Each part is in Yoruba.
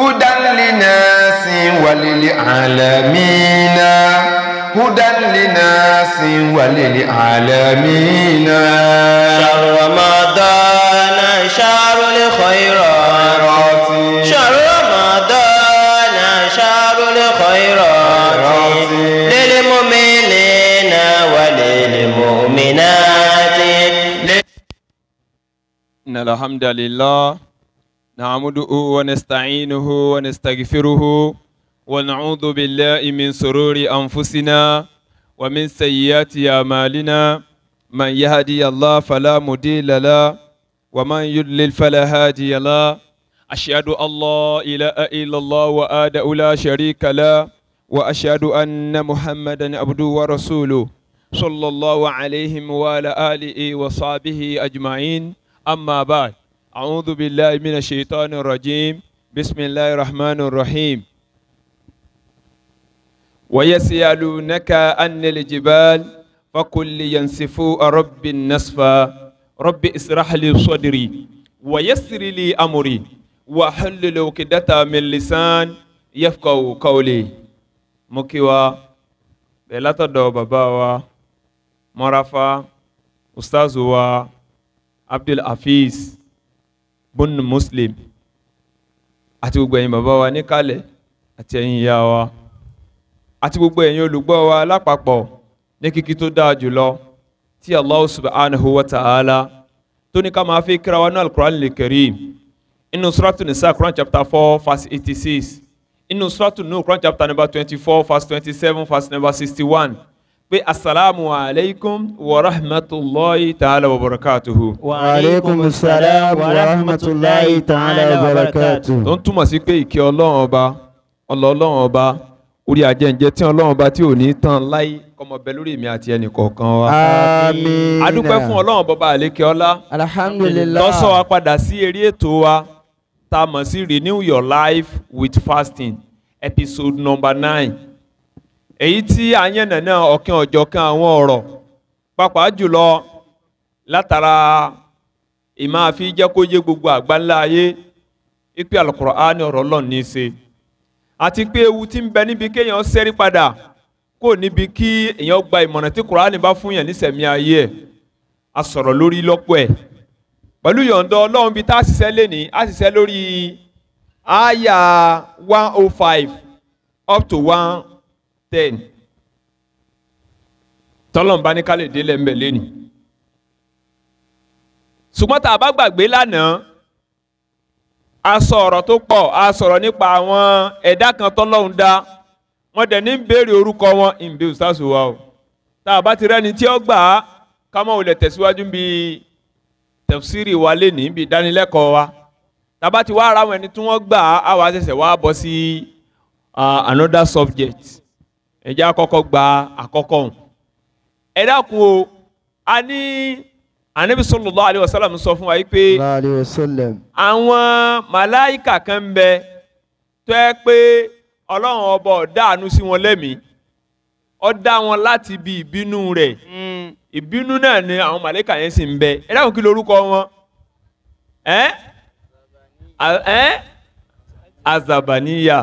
هدى للناس وللعالمين هدى للناس وللعالمين شهر رمضان شهر الخيرات شهر رمضان شهر الخيرات للمؤمنين وللمؤمنات إن الحمد لله نعمده ونستعينه ونستغفره ونعوذ بالله من سرور أنفسنا ومن سيئات أعمالنا من يهدي الله فلا مضل له ومن يضلل فلا هادي له أشهد أن لا إله إلا الله وأده لا شريك له وأشهد أن محمدا عبده ورسوله صلى الله عليه وعلى آله وصحبه أجمعين أما بعد أعوذ بالله من الشيطان الرجيم بسم الله الرحمن الرحيم ويسألونك أن الجبال فقل ينسفوا رب النصف رب اسرح لي صدري ويسر لي أمري وحل عقدة من لسان يفقه قولي مكوا بلاتا دو باباوا مرافا أستاذ عبد الحفيظ bónú muslim àti gbogbo ẹ̀yin bàbá wa níkàlẹ̀ àti ẹ̀yin ìyá wa àti gbogbo ẹ̀yin olùgbọ́ wa lápapọ̀ ní kíkí tó dáa jùlọ tí allah subhanahu wa ta'ala tó máa fi kíra wa ní alukur'an lè karim inú suratu nisa quran chapter four verse eighty six inú suratu nu quran chapter number twenty four verse twenty seven verse number sixty one pé asalaamu aleykum wa rahmatulahi ta'ala wa barakatuhu. wa aleykum salaam wa rahmatulahi ta'ala wa barakatuhu. tó ń túmọ̀ sí pé ìkẹ́ ọlọ́run ọba ọlọ́run ọba orí ajẹ́njẹ́ tí ọlọ́run ọba tí ò ní tán láyé kọmọ lórí mi àti ẹnì kọ̀ọ̀kan wa. àmín. adúpẹ́ fún ọlọ́run bọba àlékè ọlá. alhamdulilayi. lọ́sọ̀ wa padà sí eré ètò wa tá mọ̀ sí renew your life with fasting episode number nine èyí tí a yànnà náà ọ̀kan ọ̀jọ̀kan àwọn ọ̀rọ̀ pàápàá jùlọ látara ìmáàfi jẹ́ kó yé gbogbo àgbáńlá ayé ipe alukur'ani ọ̀rọ̀ lọ́n ní í ṣe àti pé ewu tí ń bẹ níbi kéèyàn ṣẹ́rí padà kò níbi kí èèyàn gba ìmọ̀ràn tí kur'ani bá fún yàn nísẹ̀mí ayé ẹ̀ a sọ̀rọ̀ lórí lọ́pọ̀ ẹ̀ pẹ̀lú yọ̀ǹda ọlọ́run bíi tá a ṣiṣẹ́ lẹ́ni a ṣiṣẹ́ lórí àyà one oh five up to one ten tọ́lọ́mbá ní ká lè dé lẹ́ńbẹ̀ lẹ́nu ṣùgbọ́n tá a bá gbàgbé lánàá a sọ ọ̀rọ̀ tó pọ̀ a sọ̀rọ̀ nípa àwọn ẹ̀dá kan tọ́lọ́hún dá wọ́n dẹ̀ ní béèrè orúkọ wọn ìbí ìsásù wa o tá a bá ti rẹ́ni tí ó gbà á ká mọ̀ wòlẹ̀ tẹ̀síwájú bí tẹ̀síìrì wa lé ní bí ìdánilẹ́kọ̀ọ́ wa tá a bá ti wá ara wọn ẹni tí wọ́n gbà á á ṣẹ̀ṣẹ̀ wá bọ́ sí uh, another subject ẹ̀jẹ̀ àkọ́kọ́ gba àkọ́kọ́ hùn ẹ dákun o a ní anabi sallallahu alayhi wa sallam sọ fún wa yìí pé àwọn màláìkà kan bẹ tó ẹ pé ọlọ́run ọba ọ̀dá àánú sí wọn lẹ́mìí ó dá wọn láti ibi ìbínú rẹ̀ hmm. ìbínú náà ni àwọn màláìkà yẹn sì ń bẹ ẹ dákun kí lorúkọ wọn ẹ ẹ azabaniya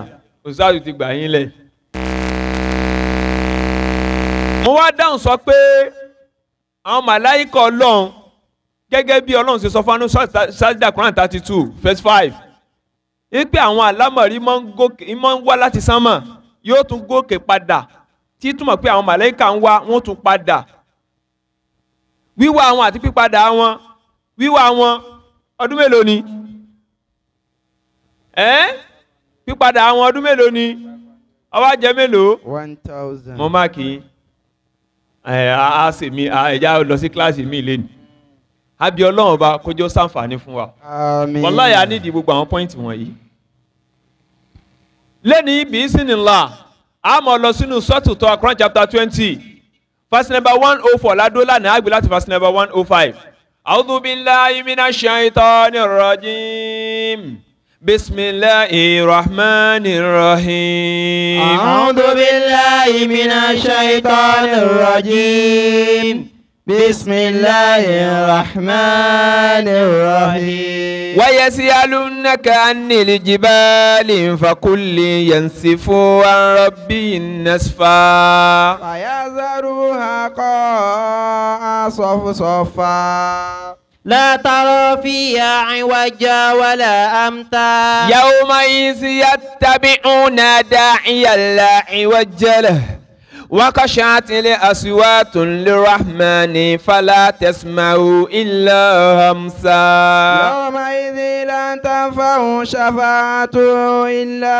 ọsàdù ti gbà yín lẹ mo wá dáhùn sọ pé àwọn màláìkà ọlọ́run gẹ́gẹ́ bí ọlọ́run ṣe sọ fún anú sájà Quran thirty two verse five wípé àwọn àlámọ̀rí máa ń wá láti sánmà yóò tún gòkè padà tí túmọ̀ pé àwọn màláìkà ń wá wọ́n tún padà wíwá wọn àti pípadà wọn wíwá wọn ọdún mélòó ni ẹ́n pípadà wọn ọdún mélòó ni ó wá one thousand mo máa kì í a ṣe mi ẹja lọ sí kíláàsì mi lẹ́nu àbí ọlọ́run ọba kójó sàǹfààní fún wa wọláyà nídìí gbogbo àwọn pọ́ìntì wọ̀nyí. lẹ́nu ibi ìsìnìlá a mọ̀ lọ sínú sọ́ọ̀tù tó akọ́rán chapter twenty verse number one oh four ládólà ní àgbẹ̀ láti verse number one oh five. a'udhu billahi minash shaitani rrajim. بسم الله الرحمن الرحيم أعوذ بالله من الشيطان الرجيم بسم الله الرحمن الرحيم ويسألونك عن الجبال فقل ينسفوا عن ربي النسفا فيذروها قاع صف صفا لا ترى فيها عوجا ولا أمتا يومئذ يتبعون داعي لا عوج له وخشعت الأصوات للرحمن فلا تسمع إلا همسا يومئذ لا تنفع شفاعة إلا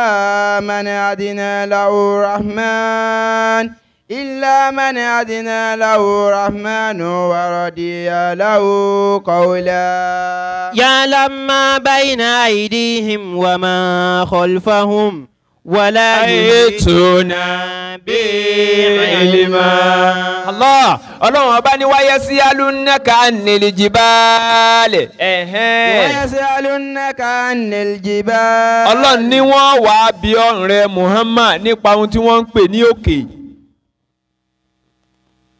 من أذن له الرحمن إلا من أذن له الرحمن ورضي له قولا يعلم ما بين أيديهم وما خلفهم ولا يتنا bíìlìmà. Allah ọlọ́run ọba ní wáyé sí alúnàkà nílìjìbálẹ̀. wáyé sí alúnàkà nílìjìbálẹ̀. ọlọ́run ní wọ́n wàá bí ọ̀rẹ́ Muhammad nípa ohun tí wọ́n ń pè ní òkè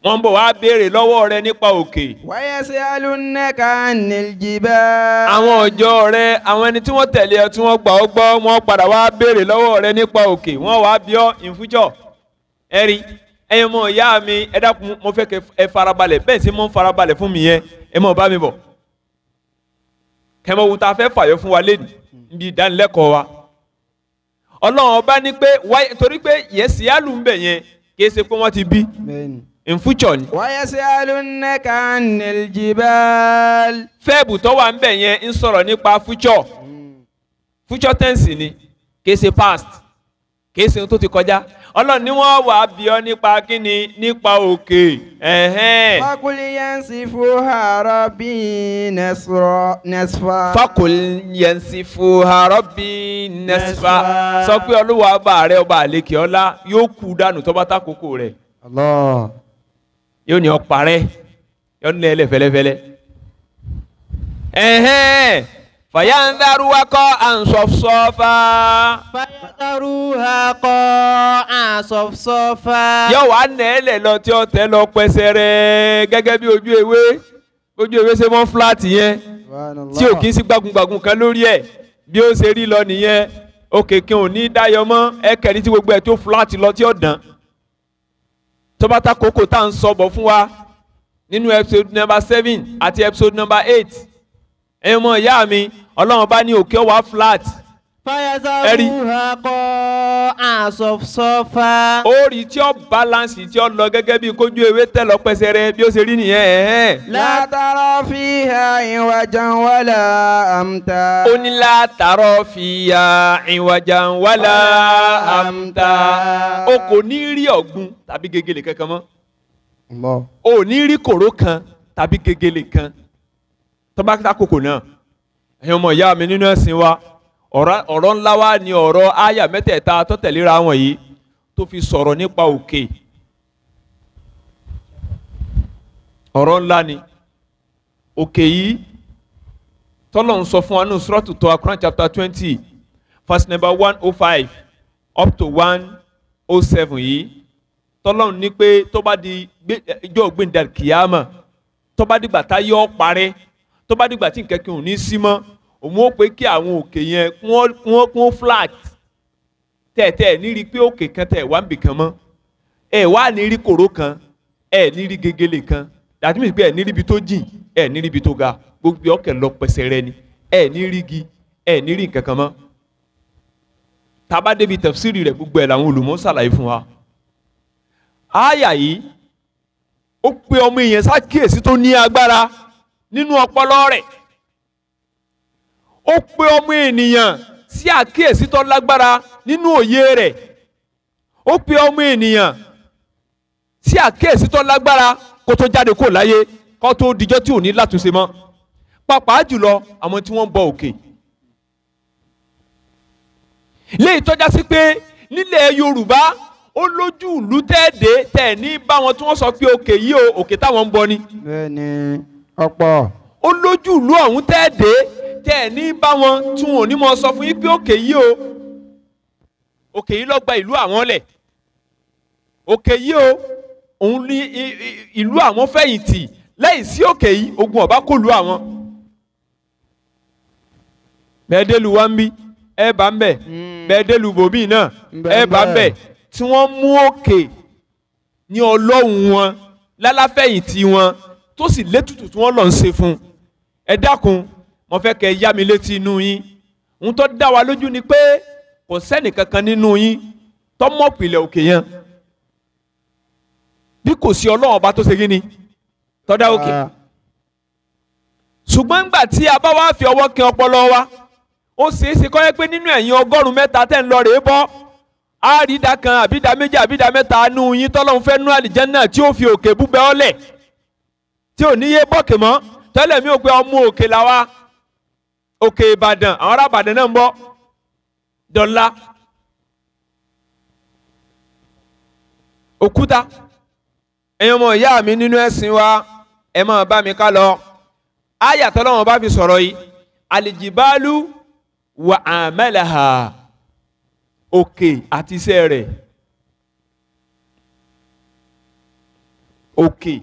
wọ́n bọ̀ wá béèrè lọ́wọ́ rẹ nípa òkè. wáyé sí alúnẹ́ka nìjìbá. àwọn ọjọ́ rẹ àwọn ẹni tí wọ́n tẹ̀lé ẹ tí wọ́n gbà ọ́ gbọ́ wọ́n padà wá béèrè lọ́wọ́ rẹ nípa òkè wọ́n wá bí ọ́ ìfújọ́ ẹ rí ẹyin mọ ìyá mi ẹ dákun mo fẹ́ kẹ ẹ farabalẹ̀ bẹ́ẹ̀ sì mo ń farabalẹ̀ fún mi yẹn ẹ mọ̀ bá mi bọ̀ kẹmọ wù tá a fẹ́ fàyọ fún wa lẹ́nu níbi ìdánilẹ́kọ̀ọ́ wa ọlọ́run ọba ní pé torí pé yẹ̀síálù ń bẹ̀ yẹn kì í ṣe pé wọ́n ti bí. bẹ́ẹ̀ ni in future ni. wayasalunaka anil jibal. fẹ́ẹ̀bù tó wà ń bẹ̀ yẹn ń sọ̀rọ̀ nípa future future tense ni kì í ṣe past kì í ṣe ohun tó ti kọjá ọlọ́run ni wọ́n wàá bí n'ipa nípa kíni nípa òkè. fakul yansifuha rabbi nasfa. fakul yansifuha rabbi nasfa sọ pé olúwa ọba rẹ ọba àlekè ọlá yóò kú dànù tó bá takòkò rẹ̀. Allah. yóò ní ọparẹ́ yóò ní ẹlẹ́ fẹ́lẹ́fẹ́lẹ́ ẹ̀hẹ́n fàyàǹdàrú akọ àǹsọ̀fsọ́fà. fàyàǹdàrú akọ àǹsọ̀fsọ́fà. yóò wá ní ẹlẹ́ lọ tí ó tẹ lọ pẹsẹrẹ gẹ́gẹ́ bí ojú ewé ojú ewé ṣe mọ́ fúláàtì yẹn tí ò kí ń sí gbágungbàgun kan lórí ẹ̀ bí ó ṣe rí lọ nìyẹn òkè kí n ẹ kẹrin tí gbogbo ẹ tó fúláàtì lọ tí ó dán tó bá ta kókó tá à ń sọ bọ̀ fún wa nínú episode number seven àti episode number eight ẹ̀yin ọmọ ìyá mi ọlọ́run bá ní òkè wá flat ẹ̀rí. ó rí tí ó balance tí ó lọ gẹ́gẹ́ bí kójú ewé tẹ̀ lọ pẹ́sẹ̀ rẹ bí ó ṣe rí nìyẹn. látàrọ fi ha ìwàjà wàlà àmta. ó ní látàrọ fi ha ìwàjà wàlà àmta. o kò ní rí ọ̀gbun tàbí gegele kankan mọ́. o ní rí kòró kan tàbí gegele kan. tọ́ba kókò náà ẹ̀yin ọmọ ìyá mi nínú ẹ̀sìn wa ọ̀rọ̀ ńlá wa ni ọ̀rọ̀ àyà mẹ́tẹ̀ẹ̀ta tó tẹ̀léra wọn yìí tó fi sọ̀rọ̀ nípa òkè ọ̀rọ̀ ńlá ni òkè yìí tọ́lọ̀ ń sọ fún wa ní sùrọ̀tù tó akran chapter twenty verse number one oh five up to one oh seven yìí tọ́lọ̀ ní pé tó bá di ijó gbẹ̀ndà kìámà tó bá dìgbà tá yọ ọ́ parẹ́ tó bá dìgbà tí nǹkan ò ní sí mọ́ òun ó pé kí àwọn òkè yẹn kún kún flat tẹ̀tẹ̀ nírí pé òkè kan tẹ̀ wá ń bì kan mọ́ ẹ wá nírí kòró kan ẹ nírí gegele kan dàtí mi pé ẹ nírí ibi tó jìn ẹ nírí ibi tó ga gbogbo ọkẹ lọ pẹsẹ rẹ ni ẹ nírí igi ẹ nírí nǹkan kan mọ́ tába débi tẹ̀fsíìrì rẹ̀ gbogbo ẹ̀ làwọn olùmọ̀ ṣàlàyé fún wa. àyà yìí ó pe ọmọ èèyàn sákìyèsí tó ní agbára nínú ọpọlọ rẹ̀ ó pe ọmọ ènìyàn sí àkíyèsí tó lágbára nínú òye rẹ̀ ó pe ọmọ ènìyàn sí àkíyèsí tó lágbára kó tó jáde kó láyé kó tó dijọ́ tí ò ní látúnṣe mọ́ pàápàá jùlọ àwọn tí wọ́n ń bọ òkè léyìí tọ́já sí pé nílẹ̀ Yorùbá ó lójú ìlú tẹ́ẹ̀dẹ́ tẹ̀ ní bá wọn tí wọ́n sọ pé òkè yìí òkè táwọn ń bọ ni. bẹ́ẹ̀ni ọ̀pọ̀. ó lójú ìlú ọ̀hún tẹ́ẹ̀dẹ́ tẹ́ ẹ̀ ní bá wọn tí wọn ò ní mọ sọ fún yín pé òkè yìí o òkè yìí ló gba ìlú àwọn lẹ̀ òkè yìí o òun ní ìlú àwọn fẹ̀yìntì lẹ́yìn sí òkè yìí ogun ọ̀bá kò lu àwọn. bẹ́ẹ̀ délu wá ń bí ẹ bá ń bẹ̀ hmm. bẹ́ẹ̀ délu bòmí náà ẹ bá ń bẹ̀ tí wọ́n mú òkè ní ọlọ́run wọn lálàfẹ̀yìntì wọn tó sì létùtù tí wọ́n lọ ń ṣe fún ẹ dákun mo fẹ́ kẹ́ yá mi létí inú yín ohun tó dá wa lójú ni pé kò sẹ́nì kankan nínú yín tó mọ̀ ìpìlẹ̀ òkè yẹn bí kò sí ọlọ́run ọba tó ṣe kí ni tó dá òkè ah. ṣùgbọ́n nígbà tí a bá wá fi ọwọ́ kí ọpọlọ wa ó ṣeé ṣe kọ́ yẹ pé nínú ẹ̀yin ọgọ́rùn-ún mẹ́ta tẹ̀ ń lọ rèé bọ́ àrídà kan àbídà méjì àbídà mẹ́ta nù yín tọ́lọ́run fẹ́ nú àlìjẹ́nà tí ó fi òkè búbẹ́ ọ́lẹ̀ tí ò ní yé bọ́ọ̀kì mọ́ tẹ́lẹ̀ mi ò pé ọmọ òkè làwa òkè ìbàdàn àwọn ará ìbàdàn náà ń bọ̀ dọ̀la òkúta ẹ̀yin ọmọ ìyá mi nínú ẹ̀sìn wa ẹ máa bá mi ká lọ ayàtọ̀ lọ́wọ́n bá fi sọ̀rọ̀ yìí alìjìbálù wà àmẹ́lẹ̀hà òkè àti iṣẹ́ rẹ̀ òkè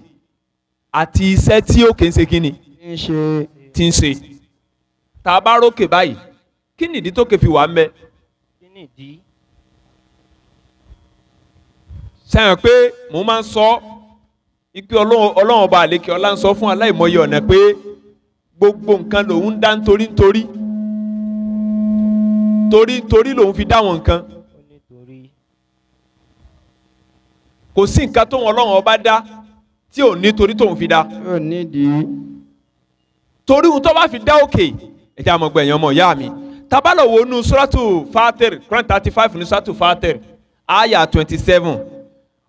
àti iṣẹ́ tí òkè ń ṣe kí ni tí ń ṣe tá a bá rókè báyìí kí nìdí tó kè fi wà mẹ́. kí nìdí. sẹ́yìn pé mo máa ń sọ ikú ọlọ́run ọba àlékè ọlá ń sọ fún aláìmọye ọ̀nà pé gbogbo nǹkan lòun ń dá nítorí nítorí torí torí lòun fi dá wọn nǹkan kò sí nǹkan tóun ọlọ́run ọba dá tí ò ní torí tóun fi dá torí òun tó bá fi dá òkè. Okay ẹ jẹ́ àmọ́ gbẹ̀yìn ọmọ ìyá mi tabalọ̀ wo nu suratu fatir Quran thirty five nu suratu fatir aya twenty seven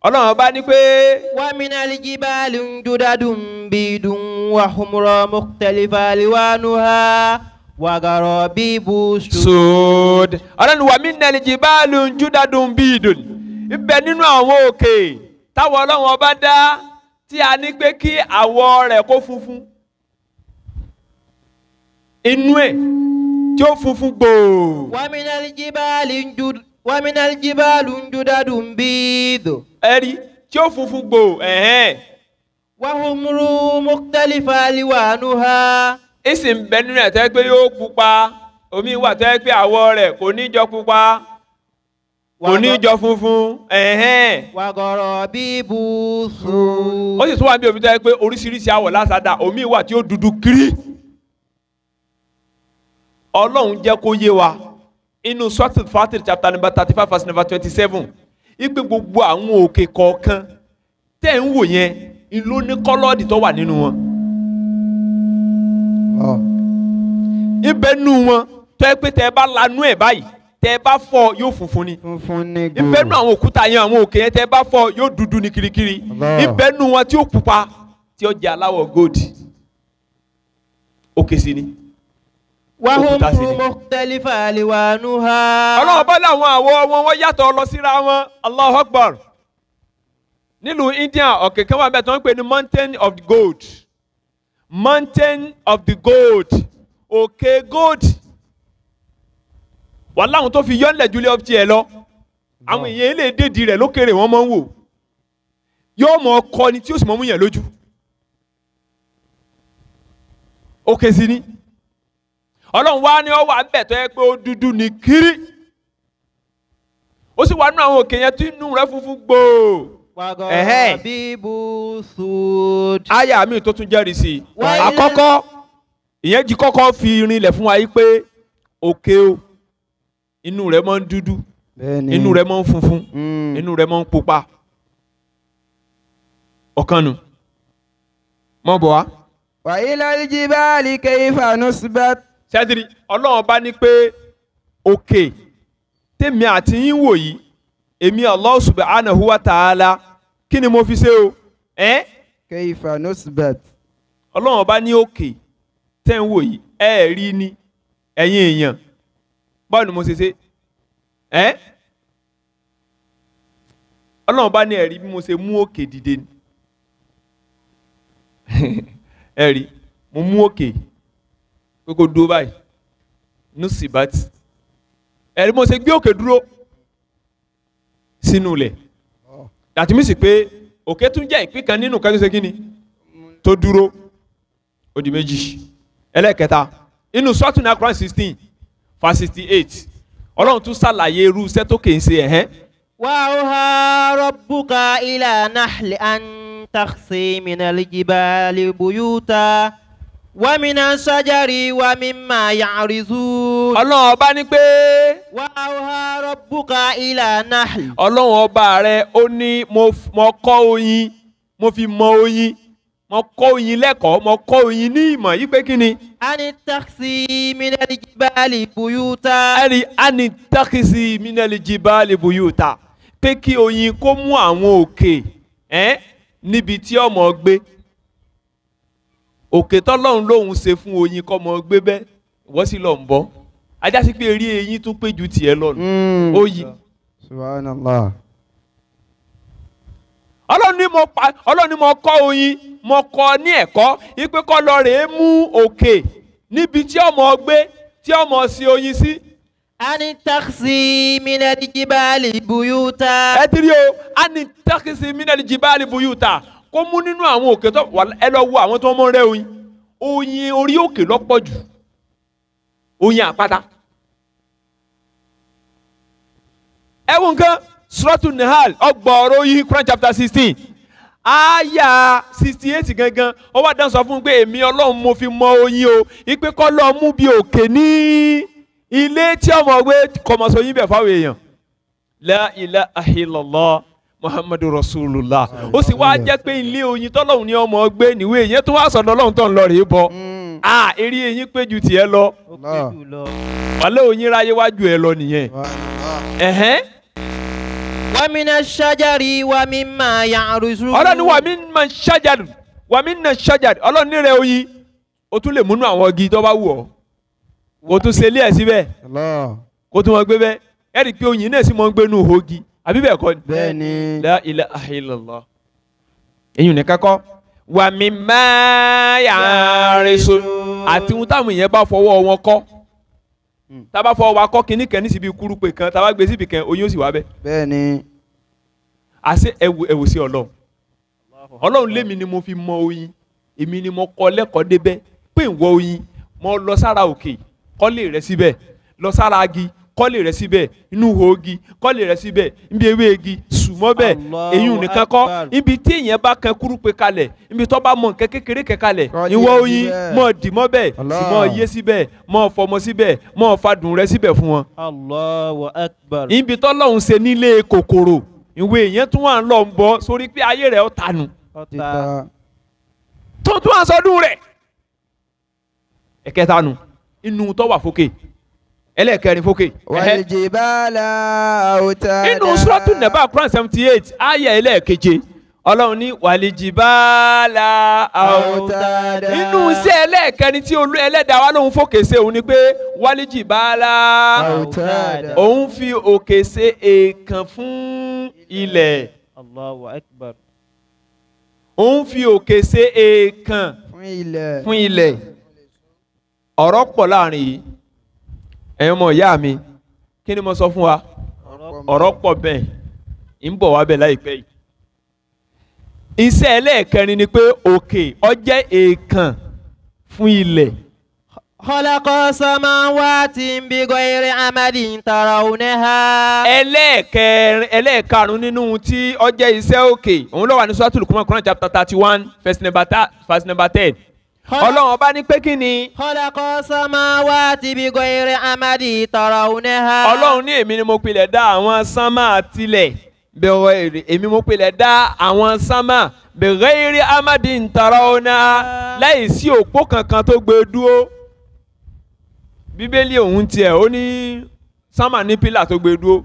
ọlọ́run bá ní pé. wa minal jibali judadun bidun wa humra mukhtalifa alwanuha wa garabibu sud. ọlọ́run wa minal jibali judadun bidun ibẹ̀ nínú àwọn òkè táwọn ọlọ́run ọba dá tí a ní pé kí àwọ̀ rẹ̀ kó funfun inú ẹ̀ tí ó funfun gbòò. wàmínàlì jíbàlì ń ju wàmínàlì jíbàlù ń ju dádùn bí dò. ẹ tí ó funfun gbòò ẹ̀hẹ́n. wàhùnmùrù mọ́tẹ́lifà aliwàánu ha. ìsì ń bẹ nínú ẹ̀ tẹ́ pé yóò pupa omi wà tẹ́ pé àwọ̀ rẹ̀ kò ní jọ pupa kò ní jọ funfun ẹ̀hẹ́n. wàgọ̀rọ̀ bíbu sùn. ó sì tún wà bí omi tẹ́ pé oríṣiríṣi àwọ̀ lásàdà omi wà tí ó dúdú kiri. ọlọ́run jẹ́ kó yé wa inú sọ́tìtì fatiri chapter number thirty five verse number twenty seven ipe gbogbo àwọn òkè kọ̀ọ̀kan tẹ̀ ń wò yẹn ló ní kọ́lọ́ọ̀dì tó wà nínú wọn. ibẹ̀ nù wọn tọ́ ẹ pé tẹ́ ẹ bá lanú ẹ̀ báyìí tẹ́ ẹ bá fọ́ yóò funfun ni. funfun ni gbòò ibẹ̀ nù àwọn òkúta yẹn àwọn òkè yẹn tẹ́ ẹ bá fọ́ yóò dúdú ni kirikiri ibẹ̀ nù wọn tí ó pupa tí ó jẹ́ aláwọ̀ gold òkè sí ni. Allah wàhùn mọ̀tẹ́lifà àlìwàánú ha. ọlọ́run bá láwọn àwọ̀ wọn wọ́n yàtọ̀ lọ síra wọn Allahu Akbar nílùú India òkè kan wà bẹ́ẹ̀ tó ń pè ní mountain of the gold mountain of the gold òkè gold wà láwọn tó fi yọ́nlẹ̀ jùlẹ̀ ọ́pì tiẹ̀ lọ àwọn èèyàn lè dèdí rẹ̀ lókèrè wọ́n máa ń wò yóò mọ ọkọ ni tí yóò sì mọ mú yàn lójú òkè sí ni ọlọ́run wá ní ọwọ́ abẹ́tọ́ yẹ pé ó dúdú ní kiri ó sì wà nínú àwọn òkè yẹn tí inú rẹ̀ funfun gbòò. àyà mi tó tún jẹ́rìí sí i àkọ́kọ́ ìyẹn jí kọ́kọ́ fi rinlẹ̀ fún wa yìí pé òkè o inú rẹ̀ máa ń dúdú inú rẹ̀ máa ń funfun hmm. inú rẹ̀ máa ń pupa ọ̀kan nu mọ̀ bọ̀ wá. wàyí lálẹ́ jí báàlì kẹ́yìn fanusbat tẹ́tìrì ọlọ́run bá ní pé òkè tèmi àti yín wò yìí èmi Allah subhanahu wa ta'ala kí ni mo fi ṣe o. Eh? kayfa nusbat. ọlọ́run bá ní òkè tẹ́ ń wò yìí ẹ ẹ̀ rí ni ẹ̀yin èèyàn báwo ni mo ṣe ṣe. Eh? ọlọ́run bá ní ẹ̀rí bí mo ṣe mú òkè dìde ni ẹ̀rí mo mú òkè. Okay pé kó dúró báyìí ní sibati ẹ̀rí mo ṣe gbé òkè dúró sínú ilẹ̀ that means pé òkè tún jẹ́ ìpín kan nínú kan ṣe kíni tó dúró ó di méjì ẹlẹ́kẹta inú sọ́ọ̀tún ní akron sixteen verse sixty eight ọlọ́run tún ṣàlàyé irú iṣẹ́ tó kè ń ṣe ẹ̀hẹ́. wà á ha rabbuka ila nahli an takhsi minal jibali buyuta wàmínà sájàrí wàmímà yàrìzú. ọlọ́run ọba ní pé. wà á wá rọ́bùkà ilà náà. ọlọ́run ọba rẹ ó ní mo kọ́ oyin mo fi mọ oyin mo kọ́ oyin lẹ́kọ̀ọ́ mo kọ́ oyin ní ìmọ̀ yìí pé kí ni. ani takisi minali jibali buyuta. ẹni ani takisi minali jibali buyuta pé kí oyin kó mú àwọn òkè níbi tí ọmọ gbé òkè tọ́lọ́run lòun ṣe fún oyin kọ́mọ gbébẹ́ wọ́n sì lọ ń bọ́ ajá sí pé eré eyín tún pé ju tiẹ̀ lọ nù hmm. ó yí. subhanallah. ọlọ́run ni mo pa ọlọ́run ni mo kọ́ oyin mo kọ́ ní ẹ̀kọ́ ipe kọ́ lọ rèé mú òkè níbi tí ọmọ gbé tí ọmọ sin oyin sí. Si ani takisi minali jibali buyuta. ẹ tiri o ani takisi minali jibali buyuta kó mú nínú àwọn òkè tó ẹ lọ wo àwọn tó mọ rẹ oyin oyin orí òkè lọ́pọ̀ jù oyin àpáta ẹ wo nǹkan suratu nihal ọgbọ̀ọ̀rọ̀ oyin Quran chapter sixteen aya sixty eight gangan ó wá dáhùn sọ fún mi pé èmi ọlọ́run mo fi mọ oyin o ipe kọ́ lọ́ọ́ mú bi òkè ní ilé tí ọmọ gbé kọmọsọ yín bẹ̀ fáwọn èèyàn la ilaha illallah muhammadu rasulullah ó sì wá jẹ́ pé ilé oyin tọ́lọ́hún ni ọmọ gbé níwèé yẹn tó wá sọ̀dọ̀ ọlọ́run tó ń lọ rèé bọ a hmm. eré eyín pé ju tiẹ̀ lọ wàlẹ́ oyin ráyé wá ju ẹ lọ nìyẹn. wàmínà ṣájàrí wàmí máa yà àrùsù. ọlọ́ni wàmínà ṣájàrí wàmínà ṣájàrí ọlọ́ni rẹ̀ oyin o tún lè múnú àwọn igi tó bá wù ọ́ kò tún ṣe ilé ẹ̀ síbẹ̀ kò tún wọn gbé bẹ́ẹ̀ ẹ̀rí pé oyin náà sì mọ́ ń gbénú òhogi àbí bẹ́ẹ̀ kọ́ ni. bẹ́ẹ̀ni. la ilaha illallah. eyín ní kakọ́. wà mí máa rẹ̀sọ àti ohun táwọn èèyàn bá fọwọ́ wọn kọ́ hmm. tábà fọwọ́ wa kọ́ kínní kan níbi kúrúpè kan tábà gbé síbi kan oyún ó sì wá bẹ́ẹ̀. bẹ́ẹ̀ni. àṣé ẹwù ẹwù sí ọlọ́run ọlọ́run lémi ni mo fi mọ oyin èmi ni mo kọ́ lẹ́kọ̀ọ́ débẹ̀ pé ìwọ oyin mo lọ sára òkè kọ́lé rẹ síbẹ̀ lọ sára agi kọ́lé rẹ síbẹ̀ inú ihò igi kọ́lé rẹ síbẹ̀ níbi ewé igi sùmọ́ bẹ́ẹ̀ èyí ò nìkan kọ́ ibi tí èèyàn bá kan kúrú pé kalẹ̀ ibi tó bá mọ nǹkan kékeré kẹ ìwọ oyin mọ̀ dì mọ́ bẹ́ẹ̀ sì mọ̀ yé síbẹ̀ mọ̀ fọmọ síbẹ̀ mọ̀ fadùn rẹ síbẹ̀ fún wọn. Allahu Akbar. ibi tọ́lọ́hún ṣe nílé kòkòrò ìwé yẹn tún wà ń lọ ń bọ sórí pé ayé rẹ ó tanu. tuntun àsọdún rẹ ẹ̀kẹta nu inú tó wà fókè ẹlẹ́ẹ̀kẹrin fókè. wàlìjìbálà àwòtá. inú suratu naba Quran seventy eight aya ẹlẹ́ẹ̀keje ọlọ́run ní wàlìjìbálà àwòtá. inú iṣẹ́ ẹlẹ́ẹ̀kẹrin tí olú ẹlẹ́dàá wa lòun fòkè ṣe òun ni pé wàlìjìbálà àwòtá. òun fi òkè ṣe èèkàn fún ilẹ̀. Allahu Akbar. òun fi òkè ṣe èèkàn fún ilẹ̀. ọ̀rọ̀ pọ̀ láàrin yìí ẹ̀yin ọmọ ìyá mi kí ni mo sọ fún wa ọ̀rọ̀ pọ̀ bẹ́ẹ̀ ń bọ̀ wá bẹ̀ láìpẹ́ yìí. iṣẹ́ ẹlẹ́ẹ̀kẹrin ni pé òkè ó jẹ́ èèkàn fún ilẹ̀. Khalaqa samawati bi ghairi amadin tarawunaha. Ẹlẹ́ẹ̀kẹrin ẹlẹ́ẹ̀karùn-ún nínú tí ó jẹ́ iṣẹ́ òkè òun ló wà ní Suratul chapter thirty one verse number ten ọlọ́run bá ní pé kí ni. kọ́lákọ́ sánmà wá ti bí gọ́yìrì amadi tọrọ òun ha. ọlọ́run ní èmi ni mo pilẹ̀ dá àwọn sánmà tilẹ̀ bẹ̀rọ èrè èmi mo pilẹ̀ dá àwọn sánmà bẹ̀rẹ̀rẹ̀ amadi tọrọ òun ha ah. láì sí òpó kankan tó gbé dúró. bíbélì òun tiẹ̀ ó ní sánmà ní pílà tó gbé dúró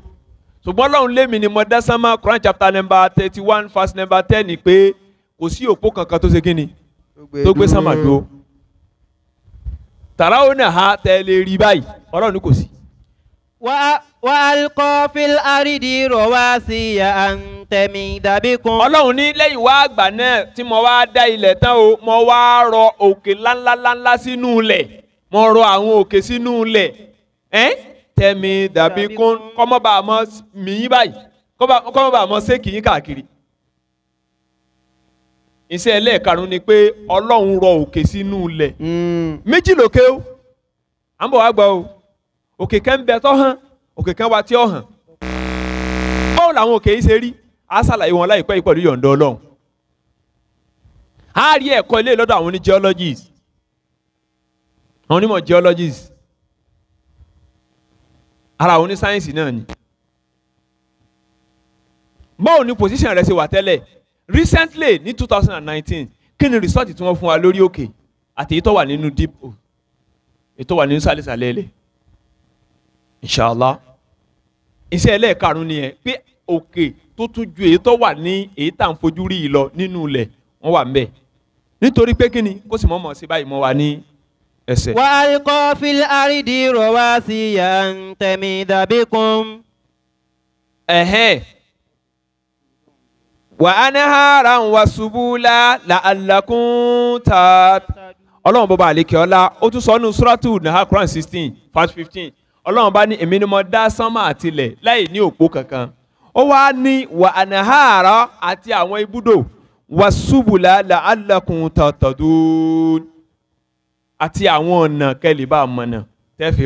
ṣùgbọ́n ọlọ́run lémi ni mo dá sánmà Quran chapter number thirty one verse number ten ni pé kò sí òpó kankan tó ṣe kí ni tó gbé sánmà dúró tàràwọn náà ha tẹ̀lé rí báyìí ọlọ́run kò sí. wà á kọ́ fíl àrídì rọ̀ wá sí an tamida bikum. ọlọ́run ní lẹ́yìn wá àgbà náà tí mo wá dá ilẹ̀ tán o mo wá rọ òkè ńláńláńlá sínú ilẹ̀ mo rọ àwọn òkè sínú ilẹ̀ tẹ̀mí dàbí kún kọ́mọ́bà mọ́ mìín báyìí kọ́mọ́bà mọ́ sékì yín káàkiri. iṣẹ́ ẹlẹ́ẹ̀karùn ni pé ọlọ́run rọ òkè sínú ilẹ̀ hmm. méjì lòkè à ń o òkè kan bẹ hàn òkè kan tí hàn báwo làwọn òkè yìí ṣe rí a ṣàlàyé wọn láìpẹ́ yìí pẹ̀lú yọ̀ǹda ọlọ́run a rí ẹ̀kọ́ ilé lọ́dọ̀ àwọn àwọn onímọ̀ ara àwọn oní náà ni báwo ni position rẹ ṣe wà recently ní two thousand and nineteen kí ni result tí wọ́n fún wa lórí òkè àti èyí tó wà nínú deep o èyí tó wà nínú sálẹ̀sálẹ̀ ilẹ̀ inshallah iṣẹ́ ẹlẹ́ẹ̀karùn-ún nìyẹn pé òkè tó tún ju èyí tó wà ní èyí tá à ń fojú rí yìí lọ nínú ilẹ̀ wọ́n wà ń nítorí pé kí ni kó sì mọ̀ sí báyìí mọ́ wa ní ẹsẹ̀. wà á kọ́ fíl àrídìí rọ̀ wá sí yà tẹ̀mí dàbí kún wà á ní hàrà ń wá subúlá làálàkùn tá ọlọ́run bọ́ba àlekè ọlá ó tún sọ ọ́nù suratu nahar quran sixteen verse fifteen ọlọ́run bá ní èmi ni mo dá sánmà àtilẹ̀ láì ní òpó kankan ó wá ní wà á ní hàrà àti àwọn ibùdó wà subúlá làálàkùn tàtàdún àti àwọn ọ̀nà kẹ́lẹ́ bá mọ̀nà tẹ́fì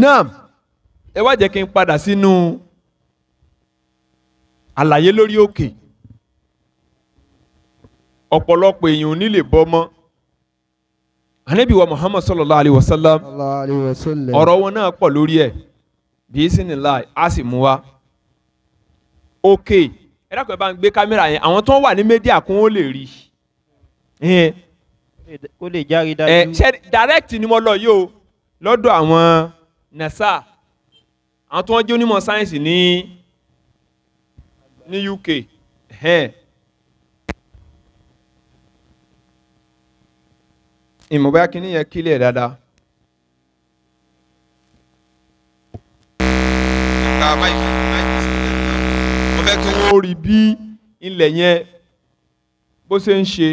náà ẹ wá jẹ́ kí n padà sínú àlàyé lórí òkè. Okay ọ̀pọ̀lọpọ̀ èèyàn ò ní lè bọ́ mọ́ anabi muhammad sallallahu alayhi wa sallam ọ̀rọ̀ wọn náà pọ̀ lórí ẹ̀ bíi sinilá a sì mú wa òkè ẹ dákun ẹ bá ń gbé kámẹ́rà yẹn àwọn tó ń wà ní mẹ́díà kún ó lè rí ó lè járe dájú ẹ ṣe direct ni mo lọ yìí o lọ́dọ̀ àwọn nasa àwọn tó ń jẹ́ onímọ̀ sáyẹ́nsì ní UK. Hey ìmọ̀bá kìíní yẹn kílẹ̀ dáadáa. mo fẹ́ kí wọ́n rí bí ilẹ̀ yẹn bó ṣe ń ṣe.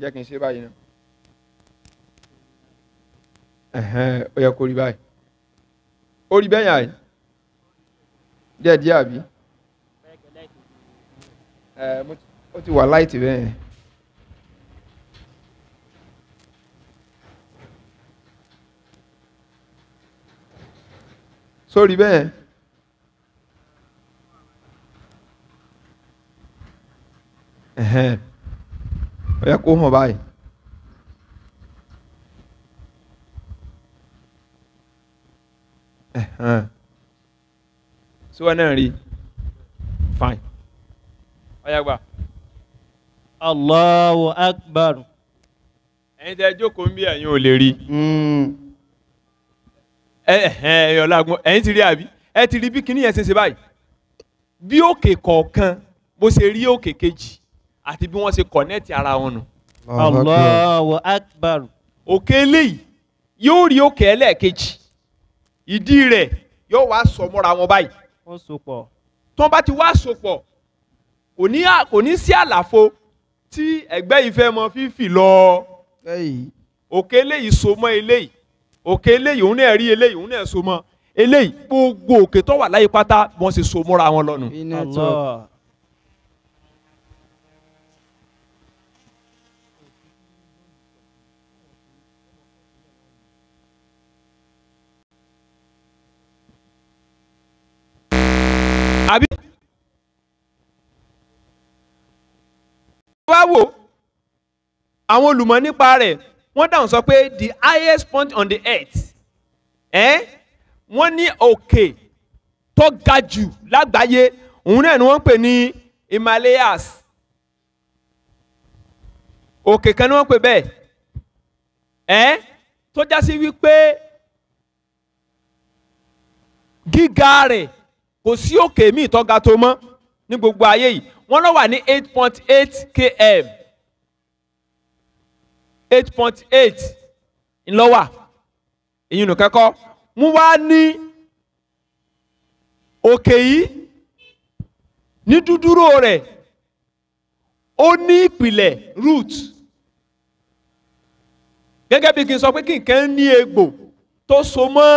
jẹ́ kí n ṣe báyìí náà ó yẹ kó rí báyìí ó rí bẹ́yà yìí díẹ̀ díẹ̀ àbí ẹ ó ti wà láìtì bẹ́ẹ̀. sórí bẹ́ẹ̀. ẹ̀hẹ́n ó yẹ kó hàn báyìí. ẹ̀hẹ́n sí wọn náà rí fine ọ̀yàgbà. Allahu akbar. ẹ̀yin tẹ́ jókòó ń bí ẹ̀yin ò lè rí. Hmm. ẹ̀yin ọ̀làgùn ẹ̀yin ti rí àbí ẹ ti rí bí kinní yẹn ṣe ṣe báyìí bí òkè kọ̀ọ̀kan bó ṣe rí òkè kejì àti bí wọ́n ṣe kọ̀nẹ́ẹ̀tì ara wọn nù. Allahu akbar. òkè eléyìí yóò rí òkè ẹlẹ́ẹ̀kejì ìdí rẹ̀ yóò wá sọ mọ́ra wọn báyìí. wọ́n so pọ̀. tó bá ti wá so pọ̀ kò ní sí àlàfo tí ẹgbẹ́ ìfẹ́ mọ fífì lọ òkè eléyìí so mọ́ eléyìí òkè eléyìí òun náà rí eléyìí òun náà so mọ́ eléyìí gbogbo òkè tó wà láyé pátá wọ́n sì so mọ́ra wọn lọ́nu. àbí bá wò àwọn olùmọ̀ nípa rẹ̀ wọ́n dáhùn sọ pé the highest point on the earth eh? wọ́n ní òkè tó ga jù lágbàáyé òun náà ni wọ́n ń pè ní Himalayas òkè kan ni wọ́n pè bẹ́ẹ̀ eh? tó já sí wípé gíga rẹ̀ kò sí òkè míì tó ga tó mọ́ ní gbogbo ayé yìí wọ́n náà wà ní eight point eight km eight point eight ńlọ́wà èyí nù kẹ́kọ́ mú wá ní òkè yìí ní dúdúró rẹ̀ ó ní ìpìlẹ̀ root gẹ́gẹ́ bí kí n sọ pé kí nǹkan ní egbò tó so mọ́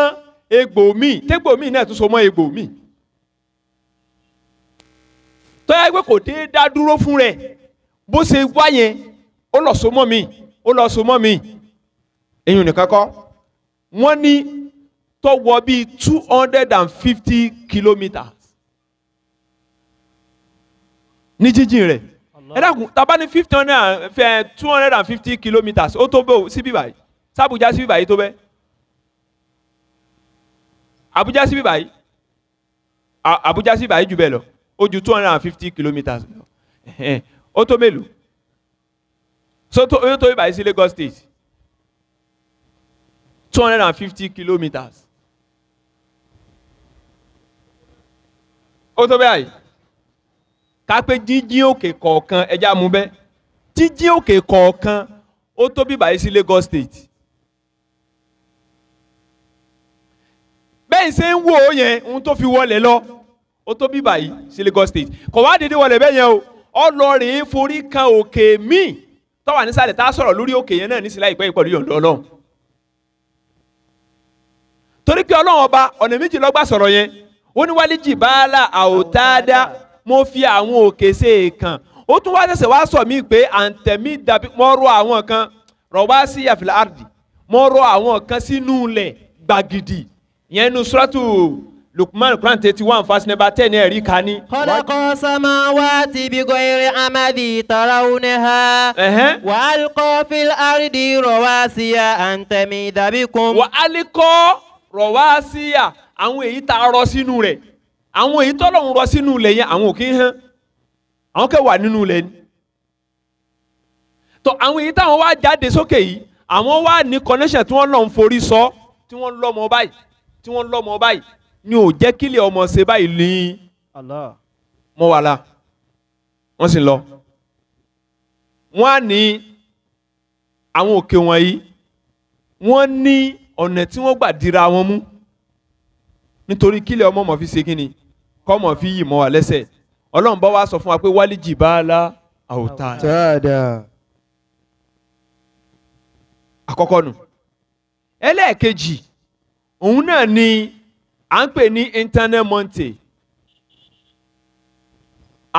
egbò míì tégbò míì náà tún so mọ́ egbò míì tó yẹ pé kò dé dá dúró fún rẹ̀ bó ṣe wá yẹn ó lọ so mọ́ mi ó lọ so mọ́ mi eyín nìkan kọ́ wọ́n ní tó bíi two hundred and fifty kilometres ní jíjìn rẹ̀ ẹ dákun taba ní fifty hundred and eh, two hundred and fifty kilometres ó tó bẹ́ẹ̀ síbí báyìí sábùjá síbí báyìí tó bẹ́ẹ̀ Àbújá síbí báyìí Àbújá síbí báyìí jù bẹ́ẹ̀ lọ ó ju two hundred and fifty kilometres lọ ó tó mélòó so tó yóò tó ìbàdí sí Lagos state two hundred and fifty kilometres ó tó bẹ́ẹ̀ yìí ká pé jíjí òkè kọ̀ọ̀kan ẹja mú bẹ́ẹ̀ jíjí òkè kọ̀ọ̀kan ó tó bí ìbàdí sí Lagos state. bẹ́ẹ̀ ṣe ń wò ó yẹn ohun tó fi wọlé lọ ó tó bí báyìí sí Lagos State kò wá dédé wọlé bẹ́ẹ̀ yẹn o ọlọ́rin forí kan òkè míì tó wà nísàlẹ̀ tá a sọ̀rọ̀ lórí òkè yẹn náà nísìlẹ̀ láìpẹ́ ìpọ̀lú yọ̀ǹda ọlọ́run torí pé ọlọ́run ọba ọ̀nà méjì lọ́gbà sọ̀rọ̀ yẹn ó ní wálé jì báàlà àwòtáadá mo fi àwọn òkè ṣe èèkàn ó tún wá ṣẹ̀ṣẹ̀ wá sọ mí pé àǹtẹ̀mí dàbí mo rọ àwọn kan rọ̀wá sí àfìlà àrùdì mo rọ àwọn kan sínú ilẹ̀ gbàgìdì yẹn nu sùràtù lukman quran thirty one verse number ten ẹ̀rí ka ní. kọ́lákọ́ sámá wá ti bí gọ́yẹ̀rẹ̀ amadi tọ́láwù ní ha. wà á kọ́ fíl àrídì rọ̀wá sí ya àǹtẹ̀mí dàbí kun. wà á kọ́ rọ̀wá sí ya àwọn èyí tá a rọ sínú rẹ̀ àwọn èyí tọ́lọ́hún rọ sínú ilẹ̀ yẹn àwọn ò hàn àwọn kẹ́ wà nínú ilẹ̀ ni. tó àwọn èyí táwọn wá jáde sókè yìí àwọn wá ní connection tí wọ́n lọ́n forí sọ tí wọ́n lọ́mọ báyìí tí wọ́n lọ́mọ báyìí ni ò jẹ́ kílẹ̀ ọmọ ṣe báyìí ní mọ́wàlá wọ́n sì lọ. wọ́n á ní àwọn òkè wọ̀nyí wọ́n ní ọ̀nà tí wọ́n gbà dira wọn mú nítorí kílẹ̀ ọmọ mọ̀ fi ṣe kí ni kọ́ mọ̀ fi yì mọ́ wa lẹ́sẹ̀ ọlọ́run bá wa sọ fún wa pé wálé jì bá a la àwòtáàdà àkọ́kọ́ nù ẹlẹ́ẹ̀kejì òun náà ni à ń pè ní internal mountain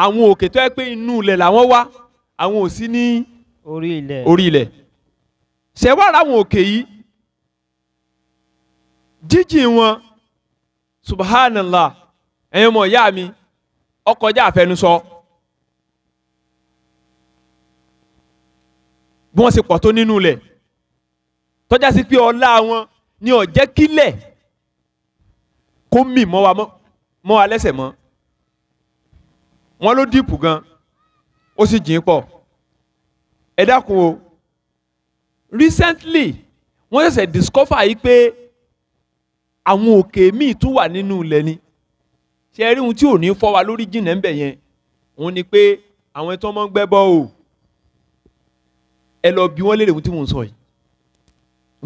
àwọn òkè tó yẹ pé inú ilẹ̀ làwọn wá àwọn ò sí ní orí ilẹ̀ orí ilẹ̀ ṣẹ̀wára àwọn òkè yìí jíjìn wọn subhanallah ẹ̀yin ọmọ ìyá mi ọkọjá àfẹnusọ bí wọ́n ṣe pọ̀ tó nínú ilẹ̀ tọ́já sí pé ọlá wọn ni ó kílẹ̀ kó mì mọ́ wa mọ́ wa lẹ́sẹ̀ mọ́ wọn ló dìpù gan ó sì jìn pọ̀ ẹ dákun o recently wọ́n ṣẹ̀ṣẹ̀ discover yìí pé àwọn òkè míì tún wà nínú ilẹ̀ ni ṣe rí ohun tí ò ní fọ́ wa lórí jìnnà ń bẹ̀ yẹn òun ni pé àwọn ẹni tó ń gbẹ́ bọ́ o ẹ lọ bí wọ́n léèrè ohun tí mò ń sọ yìí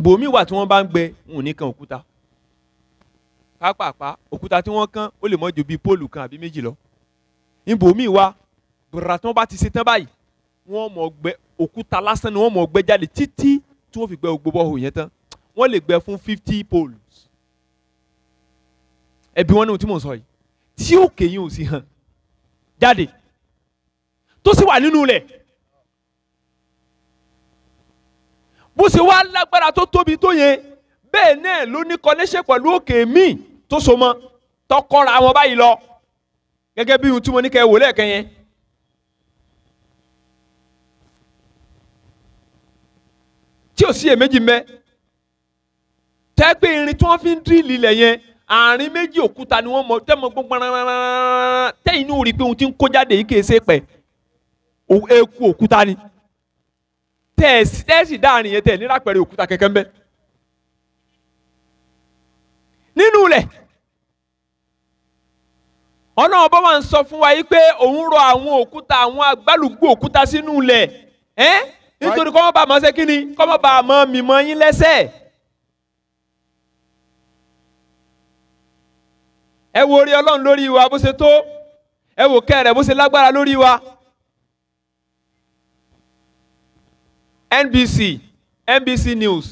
bòmíì wà tí wọ́n bá ń gbẹ́ òun nìkan òkúta pápápá òkúta tí wọ́n kán ó lè mọ́ ju bíi póòlù kan àbí méjì lọ ibòmíì wa bùrà tí wọ́n bá ti ṣe tán báyìí wọ́n mọ̀ gbẹ́ òkúta lásán ni wọ́n mọ̀ gbẹ́ jáde títí tí wọ́n fi gbẹ́ gbogbo bọ́ọ̀hù yẹn tán wọ́n lè gbẹ́ fún fifty poles ẹbí wọn ní ohun tí mò ń sọ yìí tí òkè yìí ò sì hàn jáde tó sì wà nínú rẹ̀ bó ṣe wá lágbára tó tóbi tó yẹn bẹ́ẹ̀ náà ló ní connection pẹ̀lú òkè míì tó so mọ́ tọkọ́ra wọn báyìí lọ gẹ́gẹ́ bí ohun tí mo ní kẹ́ wò lẹ́ẹ̀kan yẹn. tí ò sí èméjì mẹ́ tẹ́ pé irin tí wọ́n fi ń dírìlì ilẹ̀ yẹn àárín méjì òkúta ni wọ́n mọ tẹ́ mọ gbọ́n tẹ́yìn ní orí pé ohun tí ń kó jáde yìí kìí ṣe pẹ̀ eku òkúta ni tẹ́ẹ̀sì dáàrin yẹn tẹ̀ nírà pẹ̀rẹ̀ òkúta kẹ̀kẹ́ ń nínú rẹ̀ ọ̀nà ọba wa ń sọ fún wa yìí pé òun rọ àwọn òkúta àwọn agbálùgbò òkúta sínú ilẹ̀ ẹ́ nítorí kọ́mọ́ bá a mọ̀ ṣe kí ni kọ́mọ́ bá mọ̀ mímọ́ yín lẹ́sẹ̀. ẹ wo orí ọlọ́run lórí wa bó ṣe tó ẹ wò kẹrẹ bó ṣe lágbára lórí wa. NBC NBC News